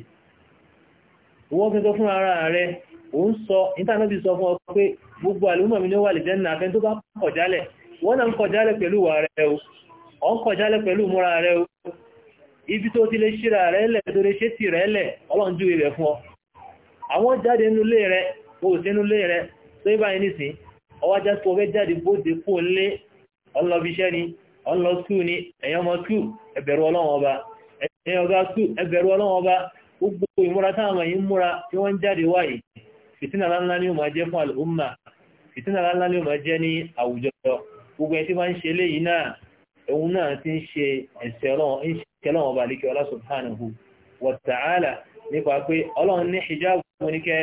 wọ́n fi fún ara rẹ̀ o ń sọ intanẹ́tì sọ fún ọ pé gbogbo àlúmọ̀ mi ní wà lè jẹ́ nà fẹ́ tó bá kọjálẹ̀ wọ́n na ń kọjálẹ̀ pẹ̀lú wà rẹ̀ o ọ ń kọjálẹ̀ pẹ̀lú múra rẹ̀ o ibi tó ti lè ṣíra rẹ̀ lẹ̀ tó lè ṣe rẹ̀ lẹ̀ rẹ̀ fún ọ àwọn jáde rẹ̀ o sí rẹ̀ tó ibà yìí nìsín ọlọ skúù ni ẹ̀yọ́ ọmọ skúù ẹbẹ̀rù ọlọ́wọ́n ọba ẹ̀yọ́ ọgá skúù ẹbẹ̀rù ọlọ́wọ́n ọba gbogbo ìmúra táwọn yìí múra tí wọ́n jáde wáyé fìtínà ńlá ni ó máa jẹ́ fún àlùmà fìtínà ńlá ni ó máa jẹ́ ń ṣe léyìí nípa pé ọlọ́run ní hijab ní kẹ́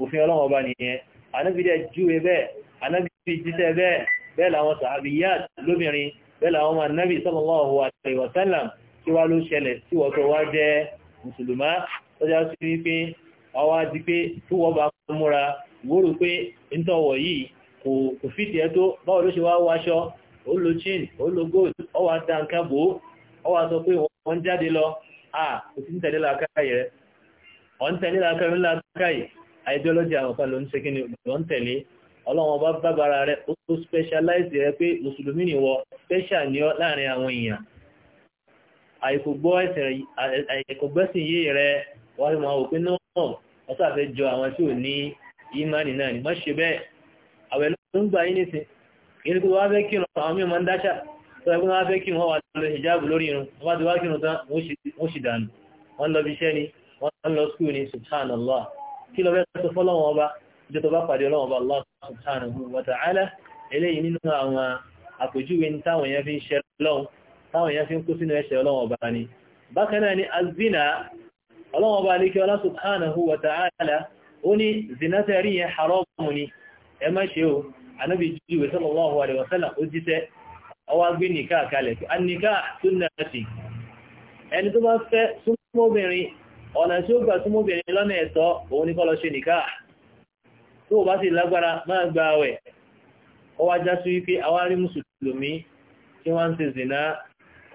òfin ọlọ́wọ́n ọba nìyẹn anábìdí ẹjú ẹ bẹ́ẹ̀ anábìdí bẹ́ẹ̀ bẹ́ẹ̀ làwọn sàábíyàt lóbìnrin bẹ́ẹ̀ làwọn ọmọ nábì sallallahu alaihi wa sallam kí wá ló ṣẹlẹ̀ tí wọ́n tó wá jẹ́ mùsùlùmá tọ́já sí wípé ọwá di pé tí wọ́n bá múra wóró pé ìtọ̀wọ̀ yìí kò fìtì ẹ́ tó báwo ló ṣe wá wáṣọ ó lo chin ó lo gold ó wá dá nǹkan bò ó wá sọ pé wọ́n jáde lọ à kò sí ń tẹ̀lé ọlọ́wọ́n bá bábára rẹ̀ ó specialize rẹ̀ pé mùsùlùmí ni wọ special ni ọ láàrin àwọn èèyàn àìkògbẹ́sìn yìí rẹ̀ wọ́n fi máa wò pé náà wọ́n sàfẹ́ jọ àwọn tí ò ní ìmánì náà ni má ṣe bẹ́ẹ̀ àwẹ̀ ló ń gbà yín nísìn ìrìn tó wá fẹ́ kírun àwọn mímọ̀ ń dáṣà tó ẹgbẹ́ wá fẹ́ kírun wọ́n wà lọ ìjáàbù lórí irun wọ́n bá ti wá kírun tán wọ́n sì dànù wọ́n lọ bí iṣẹ́ ni wọ́n lọ skúù ni subhanallah kí lọ fẹ́ sọ fọ́lọ́wọ́n ọba ìjọ tó bá pàdé ọlọ́wọ́ bá Allah subhanahu wa ta'ala eléyìí nínú àwọn àpèjúwe táwọn èèyàn fi ń ṣe lọ́wọ́ táwọn èèyàn fi ń kó sínú ẹ̀ṣẹ̀ ọlọ́wọ́ bá ní bákan náà ni azina ọlọ́wọ́ bá ní kí Allah subhanahu wa ta'ala ó ní zinatari yẹn haramu ni ẹ má ṣe o anábì júwe sallallahu alaihi wasallam ó jíṣẹ́ ọwá gbé nìká kalẹ̀ tó ọ̀nà tí ó gbà súnmọ́bìnrin lọ́nà ẹ̀tọ́ òun ní kó lọ ṣe nìká tó bá sì lágbára máa gba àwẹ̀ ó wá já sí wípé mùsùlùmí tí wọ́n ń ṣe zìnà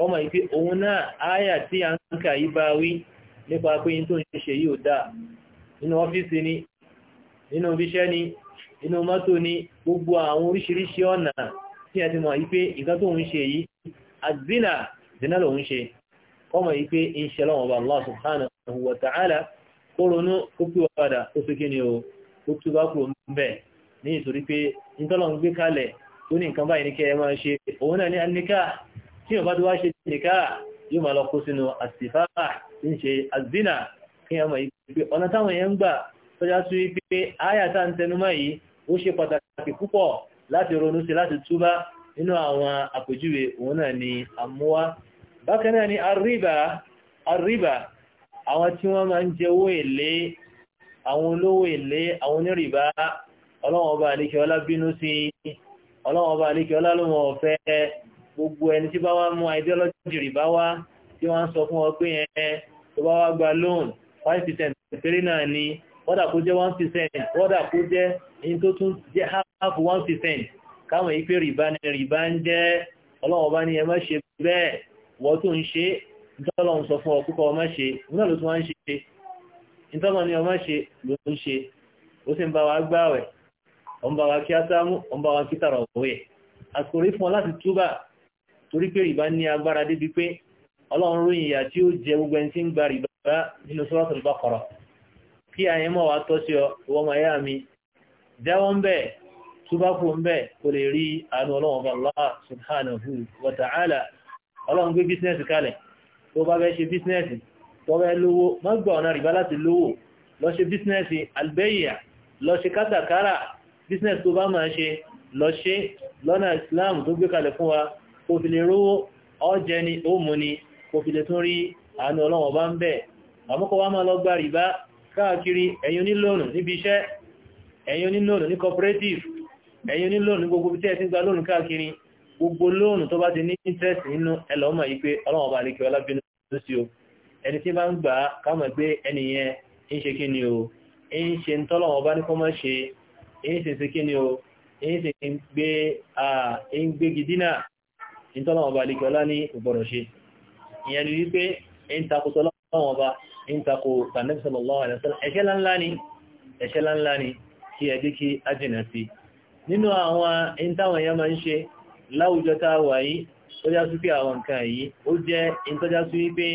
ọmọ ìpé òun náà áyà tí a ń kà yí bá wí nípa pé yí tó ń ṣe yìí ò nínú ọ́fíìsì ni nínú ibiṣẹ́ ni nínú mọ́tò ni gbogbo àwọn oríṣiríṣi ọ̀nà tí a ti mọ̀ wípé ìgbà tó ń ta'ala ó tú bá kúrò mbẹ̀ ní ìtorí pé nítọ́lọ̀ ń gbé kalẹ̀ tó ní nǹkan báyìí ní kẹ́ ẹ máa ṣe òun náà ní aníká tí yóò bá tó wá ṣe nìká yóò máa lọ kó sínú àsìfá tí ń ṣe àzínà kí ẹ máa yí pé àwọn tí wọ́n máa ń jẹ owó èlé àwọn olówó èlé àwọn onírìbá ọlọ́wọ́n ọba àlékẹ́ ọlá bínú sí ọlọ́wọ́n ọba àlékẹ́ ọlá ló wọn ọ̀fẹ́ gbogbo ẹni tí bá wá mú ideology rìbá wá tí wọ́n ń sọ fún ọ pé ẹ̀ tó bá wá gba loan five percent péré náà ni wọ́dà kó jẹ́ one percent wọ́dà kó jẹ́ in tó tún jẹ́ half one percent káwọn yìí pé rìbá ni rìbá ń jẹ́ ọlọ́wọ́n bá ní ẹ má ṣe bẹ́ẹ̀ wọ́n tún ń ṣe ìtọ́lọ́run sọ fún ọ púpọ̀ ọmọ ṣe náà ló tún wá ń ṣe ìtọ́nà ni ọmọ ṣe ló ń ṣe ó sì ń bá wa gbáwẹ̀ ó ń bá wa kí ásámú ó ń bá wa kí tààrọ̀ òwúyẹ̀ àsìkò rí fún ọ láti túbà torí pé rìbá ní agbára débi pé ọlọ́run ròyìn ìyà tí ó jẹ gbogbo ẹni tí ń gba rìbá nínú Suratul Baqara kí àyẹ̀mọ̀ wa tọ́ sí ọ ìwọ́n máa yá mi jáwọ́ ń bẹ́ẹ̀ túbákù ń bẹ́ẹ̀ kò lè rí àánú ọlọ́run bá Allah subhanahu wa ta'ala ọlọ́run gbé bísínẹ́sì kalẹ̀ tó bá bẹ́ ṣe bísínẹ́sì tọ́wẹ́ lówó má gba ọ̀nà rìbá láti lówó lọ ṣe bísínẹ́sì albẹ́yà lọ ṣe kátàkárà bísínẹ́sì tó bá máa ṣe lọ ṣe lọ́nà islam tó gbé kalẹ̀ fún wa kò fi lè rówó ọjẹ ni ó mú ni kò fi lè tún rí àánú ọlọ́wọ̀n bá ń bẹ̀ àmọ́kọ́ wá máa lọ gba rìbá káàkiri ẹ̀yin onílòònù níbi iṣẹ́ ẹ̀yin onílòònù ní cooperative ẹ̀yin onílòònù ní gbogbo tẹ́ ti gba lóònù káàkiri gbogbo lóònù tó bá ti ní interest nínú ẹlọ́mọ̀ yìí pé ọlọ́wọ̀n bá lè kí ọlábínú sí o ẹni tí máa ń gbà káàmọ̀ pé ẹni yẹn ń ṣe kí ni o ń ṣe ń tọ́lọ̀ wọn bá ní kọ́ mọ́ ṣe ń ṣe sí kí ni o ń ṣe ń gbé ń gbé gidina ń tọ́lọ̀ wọn bá lè gbọ́lá ní ìgbọ̀rọ̀ ṣe ìyẹn ni wípé ń takò tọ́lọ̀ wọn bá ń takò tànàbí sallallahu alaihi wasallam ẹ̀ṣẹ̀ láńlá ni wà yìí tó já àwọn nǹkan yìí ó jẹ́ ń wípé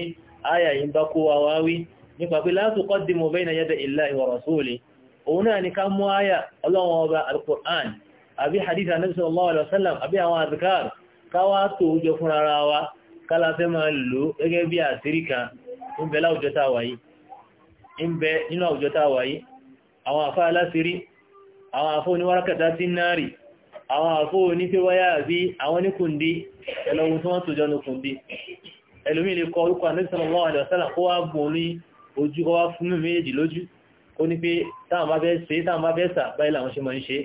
áyà yìí bá kó wa wáwí nípa pé la tuqaddimu bayna yaday illahi wa rasulihi òun náà ni ká mú áyà ọlọ́wọ́n ọba al-Qur'an àbí hadith anabi sallallahu alaihi wasallam àbí àwọn adhkar káwá tó jọ fún ara wa kálá fẹ́ máa lò gẹ́gẹ́ bí àṣírí kan ń bẹ láwùjọ tá wà yìí ń bẹ nínú àwùjọ tá wà yìí àwọn àfá aláṣírí àwọn àfó oníwárakàtà tí náàrí àwọn àfó onífẹ́wáyà àbí àwọn oníkùndí ẹlọ́wọ́ tí wọ́n tó jọ nù kùndí ẹlòmí lè kọ orúkọ Ànábì sallallahu alaihi wasallam kó wá bùn ní ojú kó wá fún méjì lójú kó ní pé táwọn bá bẹ́ẹ̀ ṣe táwọn bá bẹ́ẹ̀ sà báyìí làwọn ṣe máa ń ṣe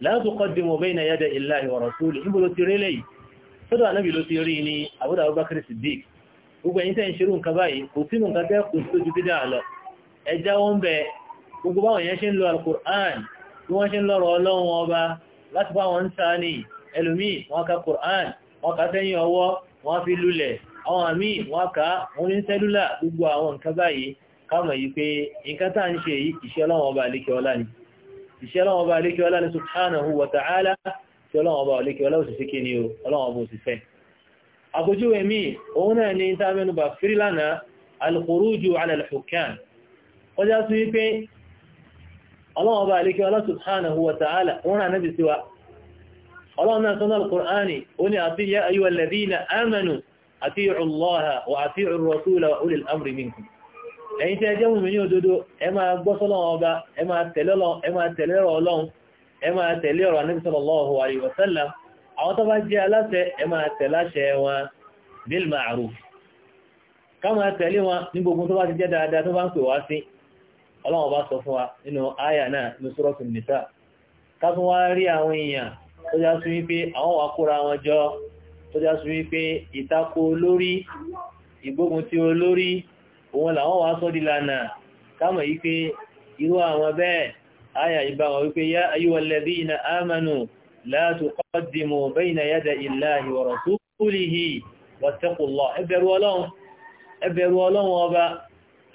la tuqaddimu bayna yaday illahi wa rasulihi níbo ló ti rí lẹ́yìn sọ́dọ̀ Ànábì ló ti rí ní Abu Bakr Siddiq gbogbo ẹ̀yin tẹ́ ń ṣerú nǹkan báyìí kò sínú nǹkan tẹ́ kò sójú bídà lọ ẹjá wọn bẹ gbogbo báwọn yẹn ṣe ń lo alukur'an bí wọ́n ṣe ń lọ́rọ̀ ọlọ́run ọba láti bá wọn ń sáà ní ẹlòmíì wọ́n ka kur'an wọ́n ka sẹ́yìn ọwọ́ wọ́n fi lulẹ̀ àwọn àmì wọ́n ká wọ́n ní sẹ́lúlà gbogbo àwọn nǹkan báyìí káàmọ̀ yìí pé nǹkan tá ń ṣe iṣẹ́ Ọlọ́run Ọba alékiọlá ni iṣẹ́ Ọlọ́run Ọba alékiọlá ni subhanahu wa ta'ala tí Ọlọ́run Ọba alékiọlá ò sì sí kí ni Ọlọ́run Ọba ò sì fẹ́ àpòjúwe mi òun náà ni tá mẹ́nubà fírílànà al-khuruju ala wọ́n rà nábi síwa Ọlọ́run náà sọ́nà al-Qur'ani ó ní àti yá ayyuhal ladhina amanu àtíyù Allah wa àtíyù Rasula wa ulil amri minkum ẹ̀yin tí ẹ ẹ máa gbọ́ ọba ẹ máa tẹ̀lé ọ̀rọ̀ ọlọ́run ẹ máa tẹ̀lé ọ̀rọ̀ Ànábì sallallahu alaihi wa sallam ẹ wọn bil ma'ruf ká máa wọn ní gbogbo ti jẹ́ tó já sí wípé ìtakò olórí ìgbógun ti olórí òun làwọn wá sọ́ dìlànà kámọ̀ yí pé irú àwọn bẹ́ẹ̀ ayà ìbá wọn wípé yá ayyuhalladhina amanu la tuqaddimu bayna yada illahi wa rasulihi wattaqullah ẹ bẹ̀rù Ọlọ́run ẹ bẹ̀rù Ọlọ́run ọba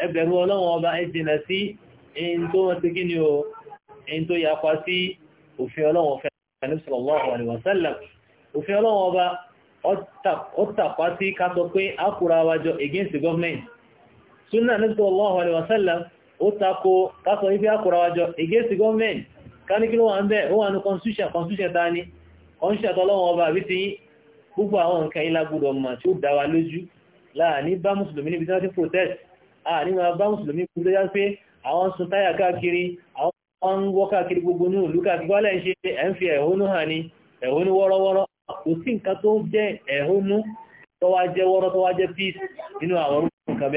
ẹ bẹ̀rù Ọlọ́run ọba ẹ jìnà sí in tó òfin Ọlọ́run ọba ó tàpá sí ká sọ pé a against the government sunna nabi sallallahu alaihi wasallam ó tako ká sọ wípé a against the government ká ní kí ló wà ń bẹ́ ó wà ní constitution constitution ta ni constitution tọ́lọ́wọ́n ọba àbí ti yín gbogbo àwọn wọ́n káàkiri kò sí nǹkan tó jẹ́ ẹ̀hónú tó wá jẹ́ wọ́rọ́ tó wá jẹ́ peace nínú àwọn orúkọ nǹkan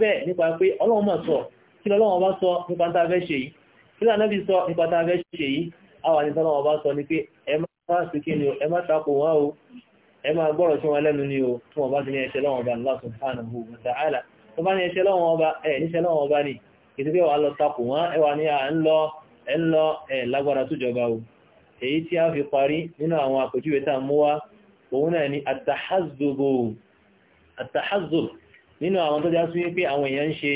bẹ́ẹ̀ nípa pé ọlọ́run sọ kí lọ́lọ́run bá sọ nípa tá a fẹ́ ṣe yìí kí lọ́nà bí sọ nípa tá a fẹ́ ṣe yìí àwọn àti sọ ni ẹ kí ni o ẹ má tako wọn o ẹ má gbọ́rọ̀ sí wọn lẹ́nu ni o tí wọ́n bá ti ní bá èyí tí a fi parí nínú àwọn àpèjúwe tá mú wá òun náà ni àtàhàzùbò àtàhàzùb nínú àwọn tó já sí pé àwọn èèyàn ń ṣe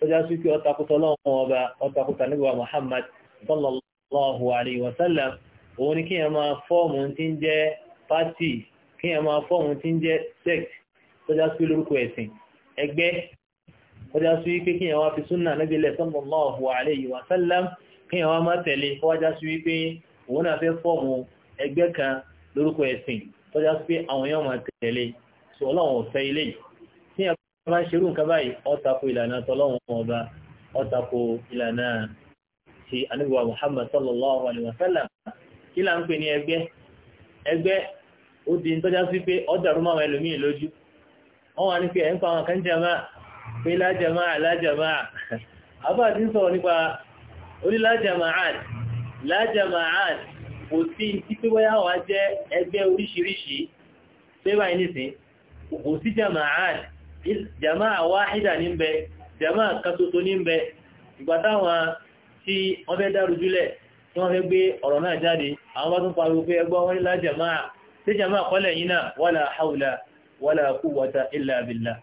tó já sí pé ọtakùtọ̀ lọ́wọ́ ọba ọtakùtà nígbà Muhammad sallallahu alaihi wasallam òun ni kí ẹ máa fọ́ọ̀mù tí ń jẹ́ pátì kí ẹ máa fọ́ọ̀mù sí lórúkọ ẹ̀sìn wá fi súnà níbi ilẹ̀ sallallahu alaihi wasallam wá má tẹ̀lé wájá sí wípé òun náà fẹ́ fọ́ọ̀mù ẹgbẹ́ kan lórúkọ ẹ̀sìn tọ́já pé àwọn èèyàn máa tẹ̀lé sọ ọlọ́run ọ̀fẹ́ ilé tí a bá ń ṣerú nǹkan báyìí ó ìlànà tọlọ́run ọba ó ìlànà ti sallallahu alaihi wa sallam kí là ń pè ní ẹgbẹ́ ẹgbẹ́ ó di tọ́já sí pé ó dàrú máwọn ẹlòmíì lójú wọ́n wá ní pé ẹ̀ ń pa àwọn kan jama pé lájàmá àlájàmá àbá àti ń sọ̀rọ̀ nípa lájàmáàd kò sí tí pé wáyà wá jẹ́ ẹgbẹ́ oríṣiríṣi pé báyìí nìsín kò sí jàmáàd jàmáà wáhídà ní bẹ jàmáà kan ṣoṣo ní bẹ ìgbà táwọn tí wọ́n fẹ́ dárújúlẹ̀ tí wọ́n fẹ́ gbé ọ̀rọ̀ náà jáde àwọn bá tún pariwo pé ẹgbọ́ wọn lájàmáà tí jàmáà kọ́lẹ̀ yìí náà wala hawla wala quwwata illa billah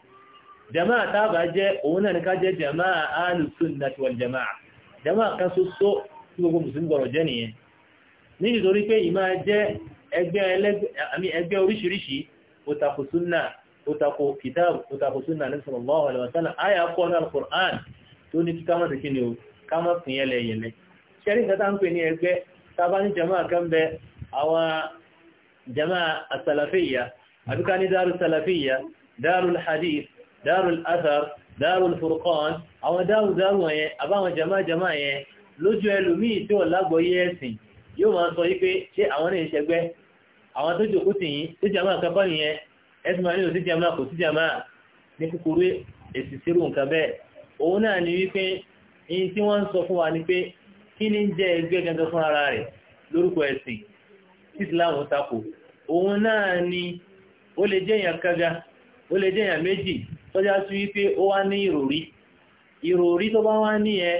jama'a ta ba jẹ́ òun náà ní ká jẹ́ jama'a ahlus sunnah wal jama'a jama'a kan ṣoṣo tí gbogbo mùsùlùmí gbọ́dọ̀ jẹ́ nìyẹn nítorí pé ìmá jẹ́ ẹgbẹ́ oríṣiríṣi ó tako súnà ó tako kitab ó tako súnà ní sallallahu alaihi wasallam àyà kọ́ ní alukur'an tó ní kí ká má ti kí ni o ká má fi yẹn lẹ́yìn lẹ́ ṣẹ́rí ìkàtà ń pè ní ẹgbẹ́ tábà ní jama'a kan bẹ àwọn jama'a asalafiyya àbí ká ní dáru salafiyya àbáwọn jama'a jama'a yẹn lójú ẹlòmíì tí wọ́n lágbọ́yé ẹ̀sìn yóò máa sọ wípé ṣé àwọn náà ń ṣẹgbẹ́ àwọn tó jòkó sí yín tó jàmáà nǹkan bọ́ nìyẹn ẹ̀sìn máa ní òsì jàmáà kò sí jàmáà ní kúkúrú èsì sírù nǹkan bẹ́ẹ̀ òun náà ni wípé ihun tí wọ́n ń sọ fún wa ni pé kí ni ń jẹ́ ẹgbẹ́ gangan fún ara rẹ̀ lórúkọ ẹ̀sìn Islam tako òun náà ni ó lè jẹ́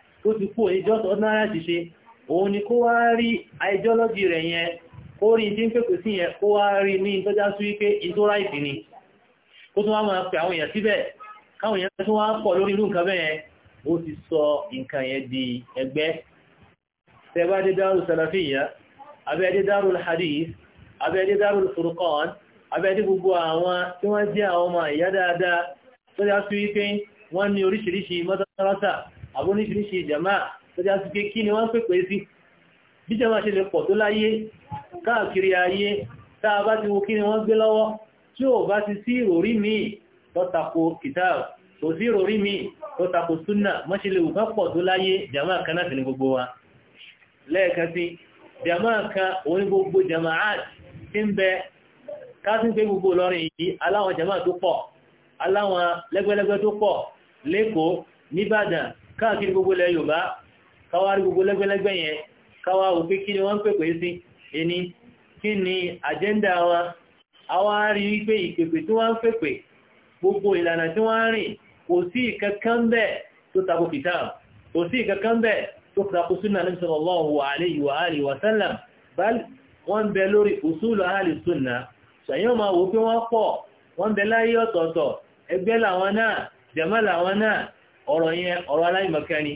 tó ti kú ìjọ́ ordinary ti ṣe òun ni kó wá rí ideology rẹ̀ yẹn ó rí tí ń pèpè sí yẹn kó wá rí ní ìtọ́já sí wípé ni kó tún wá máa pè àwọn èèyàn síbẹ̀ káwọn èèyàn tún wá pọ̀ lórí irú nǹkan bẹ́ẹ̀ ó sọ nǹkan yẹn di ẹgbẹ́ tẹ́bá gbogbo àwọn tí wọ́n jẹ́ àwọn ọmọ ìyá dáadáa tó sí wípé wọ́n ní oríṣiríṣi àbó ní ṣiríṣi ìjàmá tó já sí pé kí ni wọ́n pèpè sí bí jàmá ṣe lè pọ̀ tó láyé káàkiri ayé tá bá ti wo kí ni wọ́n gbé lọ́wọ́ tí ò bá ti sí ìròrí míì tó tako kitab kò sí ìròrí míì tó tako súnà mọ́ṣe lè wùká pọ̀ tó láyé jàmá kan láti ní gbogbo wa lẹ́ẹ̀kan sí jàmá kan òun gbogbo jàmá àti tí ń bẹ káàkiri pé gbogbo Ìlọrin yìí aláwọn jàmá tó pọ̀ aláwọn lẹ́gbẹ́lẹ́gbẹ́ tó pọ̀ lẹ́kọ̀ọ́ níbàdàn káàkiri gbogbo ilẹ̀ Yorùbá káwárí gbogbo lẹ́gbẹ́lẹ́gbẹ́ yẹn káwá òpé kí ni wọ́n ń pèpè sí ẹni kí ni àjẹ́ndà wa awárí wípé ìpèpè tí wọ́n ń pèpè gbogbo ìlànà tí wọ́n ń rìn kò sí ìkankan bẹ́ẹ̀ tó tako kìtàb kò sí ìkankan tó tako súnà Nabi sallallahu alayhi wa bal wọ́n bẹ lórí usulu ahli súnà ṣàyẹ̀wò máa wò pé wọ́n pọ̀ wọ́n bẹ láyé ọ̀tọ̀ọ̀tọ̀ ọ̀rọ̀ yẹn ọ̀rọ̀ aláìmọ̀kan ni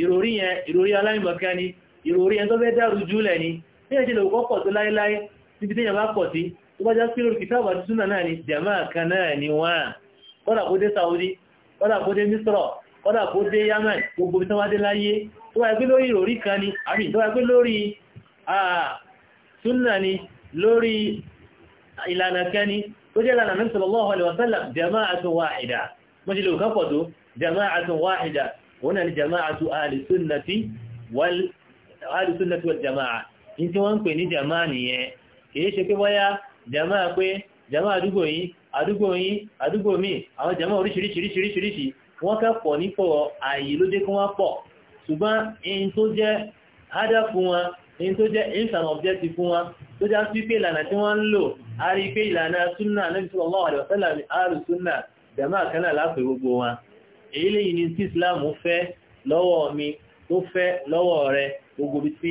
ìròrí yẹn ìròrí aláìmọ̀kan ni ìròrí yẹn tó fẹ́ dàrú jùlẹ̀ ni bí ẹ̀jẹ̀ lòkọ́ pọ̀ tó láíláí níbi tí yẹn bá pọ̀ sí tó bá já sí lórí kìtàbà tí súnà náà ni jàmá kan ni wọ́n kọ́dà kó dé Saudi kọ́dà kó dé Misra kọ́dà kó dé Yemen gbogbo tí wọ́n dé láyé tó wáyé pé lórí ìròrí kan ni àbí tó wáyé pé lórí súnà ni lórí ìlànà kan ni tó jẹ́ ìlànà Nabi sallallahu alaihi mọ́sílò kápọ̀ tó jama'atu wahida wọ́n ni jama'atu alìsúnnàtí wal jama'a in tí wọ́n ń pè ní jama'a nìyẹn kìí ṣe pé wáyá jama'a pé jama'a àdúgbò yìí àdúgbò yìí àdúgbò mi àwọn jama'a oríṣiríṣiríṣiríṣi wọ́n kápọ̀ nípọ̀ ààyè ló dé kí wọ́n in tó jẹ́ hádá in tó jẹ́ instant objective fún wọn tó jàmá kanáà lápè gbogbo wọn èyí lè yìí ní tí islam fẹ́ lọ́wọ́ mi tó fẹ́ lọ́wọ́ rẹ gbogbo bí tí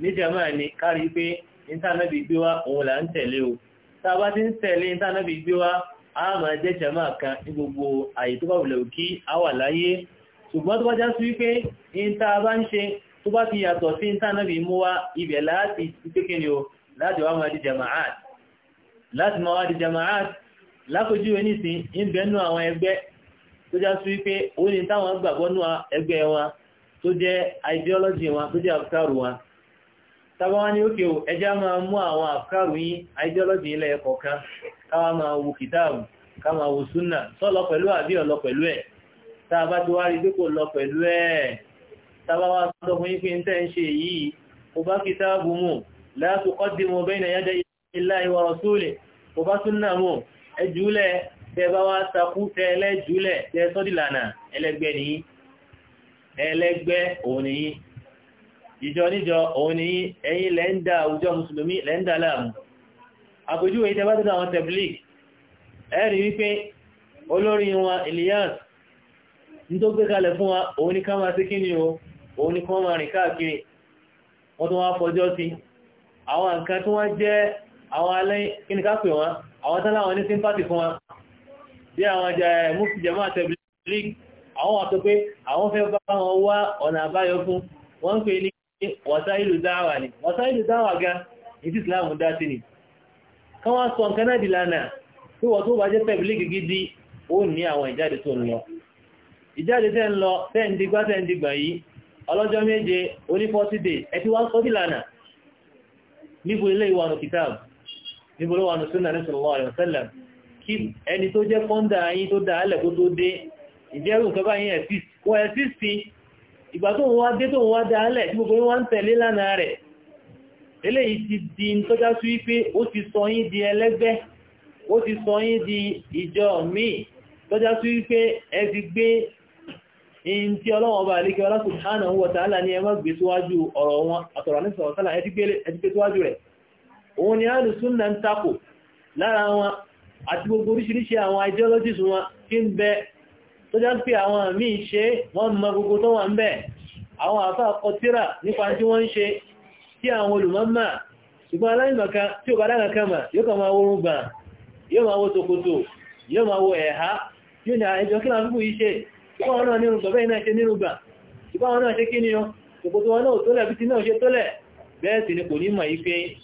ni jamaa ni kárí pé ìntànàbì gbé wá òun là ń o tá a bá ti ń tẹ̀lé a máa jẹ́ jàmá kan ní gbogbo àyè tó òkí a wà láyé ṣùgbọ́n tó bá já sí wípé ìntà bá ń ṣe tó bá ti yàtọ̀ sí ìntànàbì lápòjúwe nísìn ń bẹ nú àwọn ẹgbẹ́ tó já sí wípé ó ní táwọn gbàgbọ́ ẹgbẹ́ wọn tó jẹ́ ideology wọn tó jẹ́ àfikáàrù wọn tàbá wá ní òkè ò ẹjá máa mú àwọn ideology ilẹ̀ ẹ̀kọ̀ káwà máa wo kìtáàbù káwà wo súnà sọ́lọ pẹ̀lú àbí ọ̀lọ pẹ̀lú ẹ̀ tàbá tó wá rí pé kò lọ pẹ̀lú ẹ̀ tàbá wá sọ fún yín pé tẹ́ ń ṣe yìí kò bá e julee tẹ bá wá sakú tẹ ẹlẹ́jùúlẹ̀ tẹ sọ́dìlànà ẹlẹ́gbẹ́ nìyí ẹlẹ́gbẹ́ òun nìyí ìjọ níjọ òun nìyí ẹ̀yin lẹ́ńdà àwùjọ mùsùlùmí lẹ́ńdà láàmù àwọn wípé wọn Elias ní tó gbé kalẹ̀ fún wa òun ní ká máa sí kí ni o òun ní kọ́ máa rìn káàkiri wọ́n tó wá fọjọ́ sí àwọn nǹkan tó wá jẹ́ àwọn tán láwọn ní sympathy fún wa bí àwọn mufti jama tabligh àwọn wà tó pé àwọn fẹ́ bá wọn wá ọ̀nà àbáyọ fún wọ́n pè ní wasailu da'wa ni wasailu da'wa ga ìdí islam dá sí ni kan wá sọ nǹkan náà dìlànà tí wọ́n tó bá jẹ́ tabligh gidi ó ní àwọn ìjáde tó ń lọ ìjáde tẹ́ ń lọ tẹ́ ń digbá yìí ọlọ́jọ́ méje oní 40 days ẹ ti wá sọ́dìlànà níbo ilé ìwà kìtàbù níbo ló wà ní súnà ní sallallahu alaihi wasallam kí ẹni tó jẹ́ fọ́ndà yìí tó dá alẹ́ kó tó dé ìjẹ́rù nǹkan báyìí ẹ̀sìsì kò ẹ̀sìsì ìgbà tó wá dé tó wá dá alẹ́ tí gbogbo wá ń tẹ̀lé lánàá rẹ̀ eléyìí ti di tọ́já sí wípé ó ti sọ yín di ẹlẹ́gbẹ́ ó ti sọ yín di ìjọ míì tọ́já sí wípé ẹ òun ni àrùn súnnà ń takò lára wọn àti gbogbo oríṣiríṣi àwọn ideologies wọn tí ń bẹ tó já pé àwọn àmì ìṣe wọ́n mọ gbogbo tó wà ń àwọn àfá ọtíra nípa tí wọ́n ṣe tí àwọn olùmọ́mà ṣùgbọ́n aláìmọ̀ká tí ó bàdá kankan yóò kàn máa wórún gbà yóò máa wo tòkòtò yóò máa wo ẹ̀há yóò ní àìjọ kí ṣùgbọ́n náà nínú náà ṣe nínú gbà ṣùgbọ́n náà ṣe kí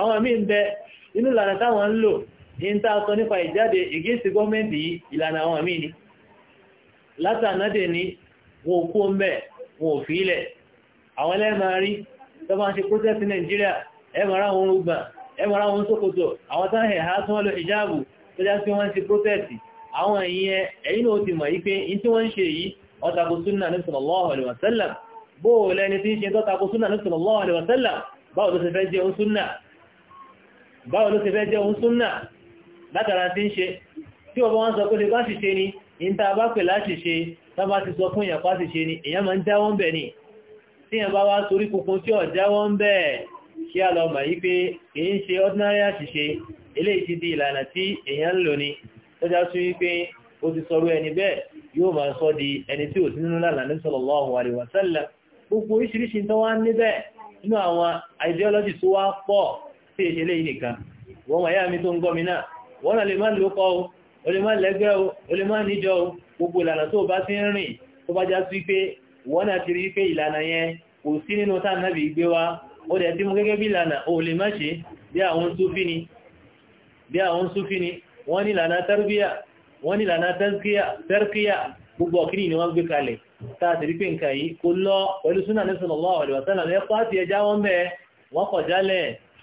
àwọn míì ń bẹ inú ìlànà táwọn ń lò ní ń tàà sọ nípa ìjáde ìgéèsì gọ́ọ̀mẹ́ntì ìlànà àwọn ni látànádè ní wọn kó ń bẹ̀ wọn ò fi ilẹ̀ àwọn ẹlẹ́mà rí tó ṣe protest ní Nàìjíríà ẹmọ̀rá wọn rúgbà ẹmọ̀rá wọn sókòtò àwọn táhẹ̀ ha tún wọ́n lọ ìjáàbù tó já àwọn èèyàn tí ń ṣe ní báwo ló ti fẹ́ jẹ́ ohun súnnà látara tí ń ṣe tí ọba wọn sọ pé lè bá sì ṣe ni ìta bá pè láti ṣe tábà ti sọ fún ìyàpá sì ṣe ni èyàn máa ń jáwọ́ ń bẹ̀ ni tí ìyàn bá wá torí kúnkún tí ọ̀ jáwọ́ ń bẹ̀ kí a lọ mà yí pé kìí ń ṣe ordinary àṣìṣe eléyìí ti di ìlànà tí èyàn ń lò ni tọ́já sí wípé ó ti sọrú ẹni bẹ́ẹ̀ yóò máa sọ di ẹni tí ò sí nínú lánàá ní sallallahu alaihi wasallam gbogbo oríṣiríṣi tó wá níbẹ̀ nínú àwọn ideology tó wá pọ̀ sí ìṣẹ̀lẹ̀ yìí nìkan wọ́n wáyé àmì tó ń gọ́ mi náà wọ́n náà lè má lókọ́ o o lè má lẹ́gbẹ́ o o lè má níjọ o gbogbo ìlànà tó bá ti ń rìn tó bá já sí pé wọ́n náà ti rí pé ìlànà yẹn kò sí nínú tá náà bí gbé wa ó dẹ̀ tí mú gẹ́gẹ́ bí ìlànà o lè má ṣe bí àwọn súfí ni wọ́n ní ìlànà tarbíyà wọ́n ní ìlànà tẹ́rkíyà gbogbo ọ̀kíní ni wọ́n gbé kalẹ̀ táàtì pé nǹkan yìí kò lọ pẹ̀lú súnà ní sallallahu alaihi wasallam ẹ̀kọ́ àti ẹjá wọ́n bẹ́ẹ̀ wọ́n kọ̀ jálẹ̀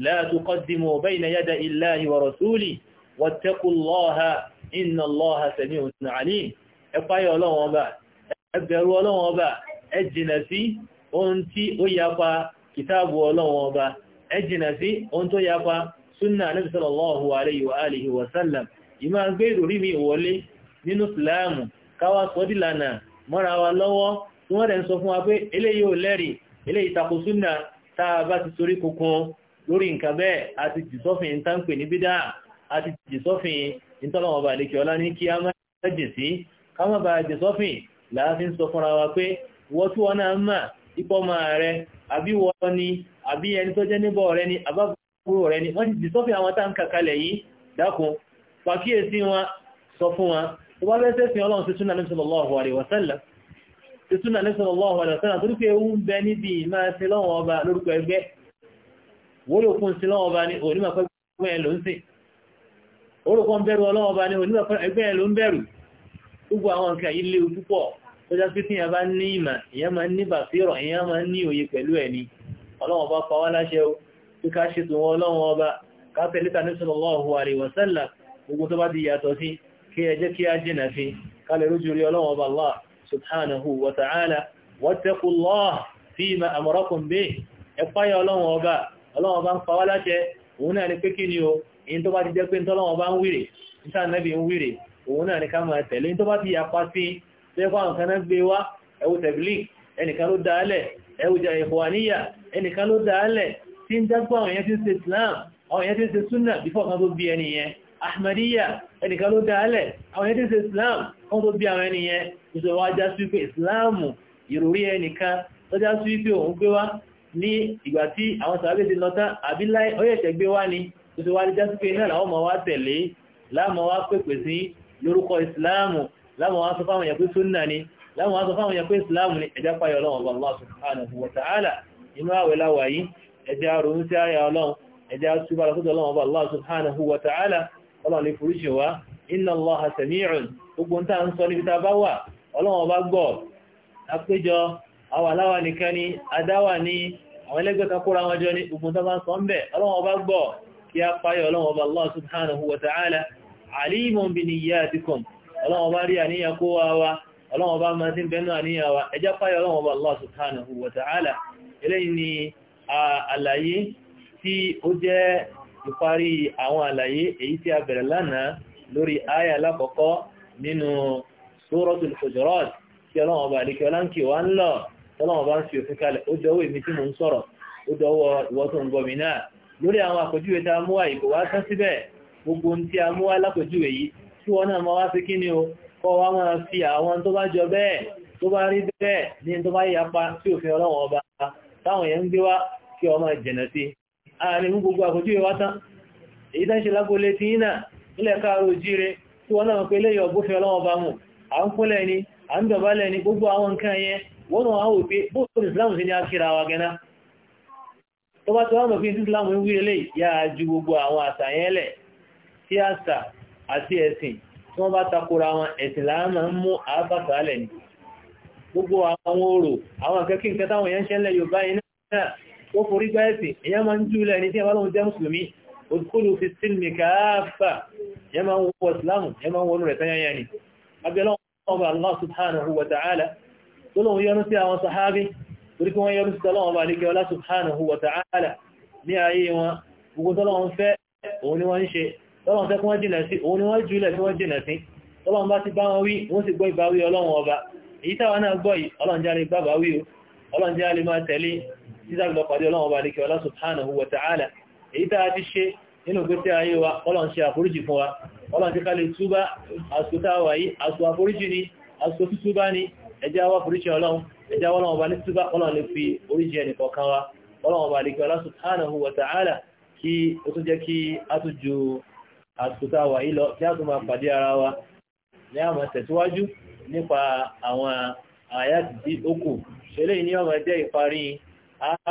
لا تقدموا بين يدي الله ورسوله واتقوا الله إن الله سميع عليم ẹ̀páyà ọlọ́wọ́n ọba ẹgbẹ̀rú ọlọ́wọ́n ọba ẹjìnà sí ohun tí ó yapa kìtàbù ọlọ́wọ́n ọba ẹjìnà sí ohun tó yapa súnà Ànábì sallallahu alayhi wa alihi wa sallam ìmá gbé ìròrí mi wọlé nínú Ìsìláàmù káwà sọ́dìlànà mọ́ra wa lọ́wọ́ tí wọ́n rẹ̀ ń sọ fún wa pé eléyìí ò lẹ́rìí eléyìí tako súnà tá a bá ti sorí kunkun lórí nǹkan bẹ́ẹ̀ a ti jì sọ́fin ìtànkù ní bídá a ti jì sọ́fin ìtọ́lọ̀wọ̀bà lè ọlá ní kí a sí ká má sọ́fin láàfin sọ fúnra wa pé wọ́n tí wọ́n náà mà ipò rẹ àbí wọ́n ni àbí ẹni tó jẹ́ níbọ̀ rẹ ni rẹ ni wọ́n ti sọ́fin àwọn tá ń yìí dákun pàkíyèsí wọn sọ fún tó bá ewu ń bẹ níbi ìmáa lọ́wọ́ wórókún sí lọ́wọ́ bá ní onímọ̀ pẹ́ ẹgbẹ́ ẹ̀ ló ń sìn orókún bẹ̀rù ọlọ́wọ́ bá ní onímọ̀ pẹ́ ẹgbẹ́ ẹ̀ ló ń bẹ̀rù gbogbo àwọn nǹkan yìí léwu púpọ̀ tó já sí tíyàn bá ya ìmọ̀ ìyẹn máa ń ní bàfírọ̀ ìyẹn máa ń ní òye pẹ̀lú ẹ̀ ni ọlọ́wọ́ bá pa wá o Allah wa ọlọ́wọ́ bá ń pa wá láṣẹ òun náà ni pé kí ni o èyí tó bá ti jẹ́ pé tọ́lọ́wọ́ bá ń wíre níta nẹ́bí ń wíre òun náà ni ká máa tẹ̀lé tó bá ti yapa sí tẹ́kọ́ àwọn kan náà gbé wá ẹwù tẹ̀bílì ẹnìkan ló dáálẹ̀ ẹwù ìhùwàníyà ẹnìkan ló dáálẹ̀ tí ń dágbà àwọn èèyàn tó já sí pé òun gbé wá ní ìgbà tí àwọn sàábé ti lọ́tá àbí ọyẹ̀ṣẹ̀ gbé wá ní tó ti wá ní jásí pé náà láwọn ọmọ wá tẹ̀lé láàmọ́ wá pèpè sí lórúkọ ìsìláàmù láàmọ́ wá sọ fáwọn èèyàn pé súnnà ni láàmọ́ wá sọ fáwọn èèyàn pé ìsìláàmù ni ẹjá páyọ ọlọ́run Allah subhanahu wa ta'ala inú àwẹ̀ láwà yìí ẹjá ronú sí àyà ọlọ́run ọba gbọ́ àwọn aláwà nìkan ni adáwà ní àwọn ẹlẹ́gbẹ́ kakúra wọn jọ ní ogun tó bá ń sọ ń bẹ̀ ọlọ́wọ́ bá gbọ́ kí a páyọ̀ ọlọ́wọ́ bá Allah subhanahu wa ta'ala alimun bi niyyatikum ọlọ́wọ́ bá rí àníyàn kó wa wa ọlọ́wọ́ bá máa ti bẹnu àníyàn wa ẹjá páyọ̀ ọlọ́wọ́ bá Allah subhanahu wa ta'ala eléyìí ni àlàyé tí ó jẹ́ ìparí àdíkẹ́ ọlá wá ń lọ tọ́lọ́wọ́ bá ń fi òfin kalẹ̀ ó dọwọ́ èmi tí mò ń sọ̀rọ̀ ó dọwọ́ ìwọ ń náà lórí àwọn àpèjúwe tá a mú wa ìkò wá tán síbẹ̀ gbogbo tí a mú yìí tí wọ́n náà o kọ́ wa máa fi àwọn tó bá jọ bẹ́ẹ̀ tó bá rí bẹ́ẹ̀ ní tó bá yapa sí òfin ọba táwọn yẹn ń gbé wá kí gbogbo wá tán èyí tán ṣe lágbólé tí nílẹ̀ káàrò tí wọ́n náà ọba mu ni à ń dọ̀bálẹ̀ ni gbogbo àwọn wọ́n wọ́n wọ́n pé bóòtún islam sí ní àkíra wa gẹ́nà tó bá tó wọ́n mọ̀ fi islam ń wí lè yá ju gbogbo àwọn àṣà yẹn lẹ̀ tí àṣà àti ẹ̀sìn tí wọ́n bá takora wọn ẹ̀sìn láàmà ń mú àbàtàlẹ̀ ní gbogbo àwọn orò àwọn akẹ́kí nǹkan ọba Allah subhanahu wa ta'ala tó lóun yọ́nú sí àwọn sahabi torí kí wọ́n yọ́nú sí tọ́lọ́wọ́n bá nígbẹ́ ọlá subhanahu wa ta'ala ní ayé wọn gbogbo tọ́lọ́wọ́n fẹ́ òun ni wọ́n ń ṣe tọ́lọ́wọ́n fẹ́ kí wọ́n jìnà sí òun ni wọ́n jùlẹ̀ kí wọ́n jìnà sí tọ́lọ́wọ́n bá ti bá wọn wí wọ́n sì gbọ́ ìbáwí ọlọ́wọ́n ọba èyí táwa náà gbọ́ yìí ọlọ́run jáde gbàbá wí o ni àsùkú túbá ni ẹjá wá foríṣi ọlọ́run ẹjá wọ́lọ́wọ́ bá ní túbá ọlọ́run lè fi oríṣi ẹnì kọ̀ọ̀kan wa ọlọ́run bá lè kí ọlá subhanahu wa ta'ala kí ó tún jẹ́ kí a tún ju àtúntà wà yìí lọ kí a tún máa pàdé ara wa ní àmọ́ tẹ̀síwájú nípa àwọn àyà tí ó kù eléyìí ni ọmọ jẹ́ ìparí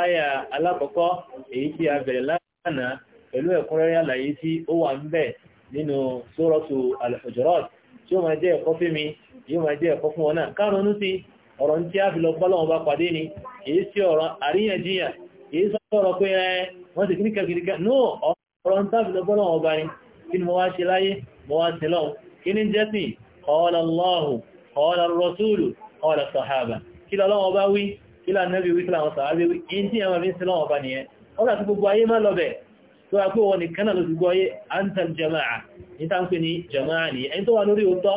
àyà alákọ̀ọ́kọ́ èyí tí a bẹ̀rẹ̀ lánàá pẹ̀lú ẹ̀kúnrẹ́rẹ́ àlàyé tí ó wà ń bẹ̀ nínú sórọ́tù al-Hujurat tí ó máa jẹ́ ẹ̀kọ́ fún mi yóò máa jẹ́ ẹ̀kọ́ fún wọn náà kárọnú sí ọ̀rọ̀ tí a fi lọ bọ́lọ́wọ́n bá pàdé ni èyí sí ọ̀rọ̀ àríyànjiyàn èyí sọ́rọ̀ pé ẹ wọ́n ti kíníkà kíníkà no ọ̀rọ̀ tí a fi lọ bọ́lọ́wọ́n bá ní kí ni mo wá ṣe láyé mo wá sí lọ́wọ́ kí ni jẹ́ sí qala Allahu qala ar-rasulu qala as-sahaba kí lọ́wọ́ bá wí kí lọ́wọ́ nẹ́bí wí kí lọ́wọ́ sàhábà wí in tí ẹwà fi ń sí lọ́wọ́ bá nìyẹn ọ̀rọ̀ tó wà pé wọn nìkan náà ló gbọ́ ayé antal jama'a ní tá ní jama'a nìyẹn ẹni tó wà lórí òótọ́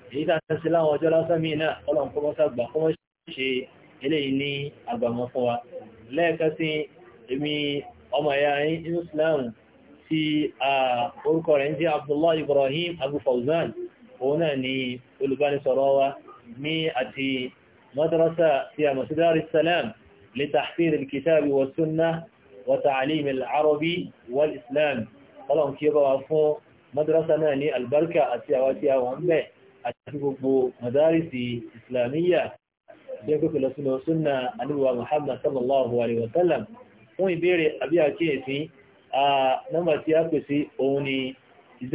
èyí tá a ṣe láwọn ọjọ́ lásán míì náà ọlọ́run kọ́ mọ́sá gbà kọ́ ṣe eléyìí ní àgbàmọ́ fún wa lẹ́ẹ̀kan sí èmi ọmọ ẹ̀yà inú Islam tí orúkọ rẹ̀ ń jẹ́ Abdullah Ibrahim Abu Fawzan òun náà ni olùbánisọ̀rọ̀ wa ní àti madrasa tí a masu Dar lè tahfir àti gbogbo madarisi islamiyya jẹ́ pé pẹ̀lú sínú súnà àníwà muhammad sallallahu alaihi wa sallam fún ìbéèrè àbí àkíyèsí a nọ́mbà tí a pè sí òun ni 080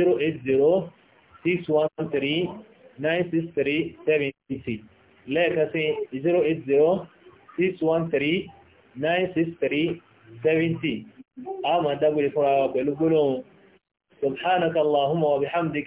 613 963 a máa dágbére fúnra wa pẹ̀lú gbólóhùn subhanaka allahumma wa bihamdik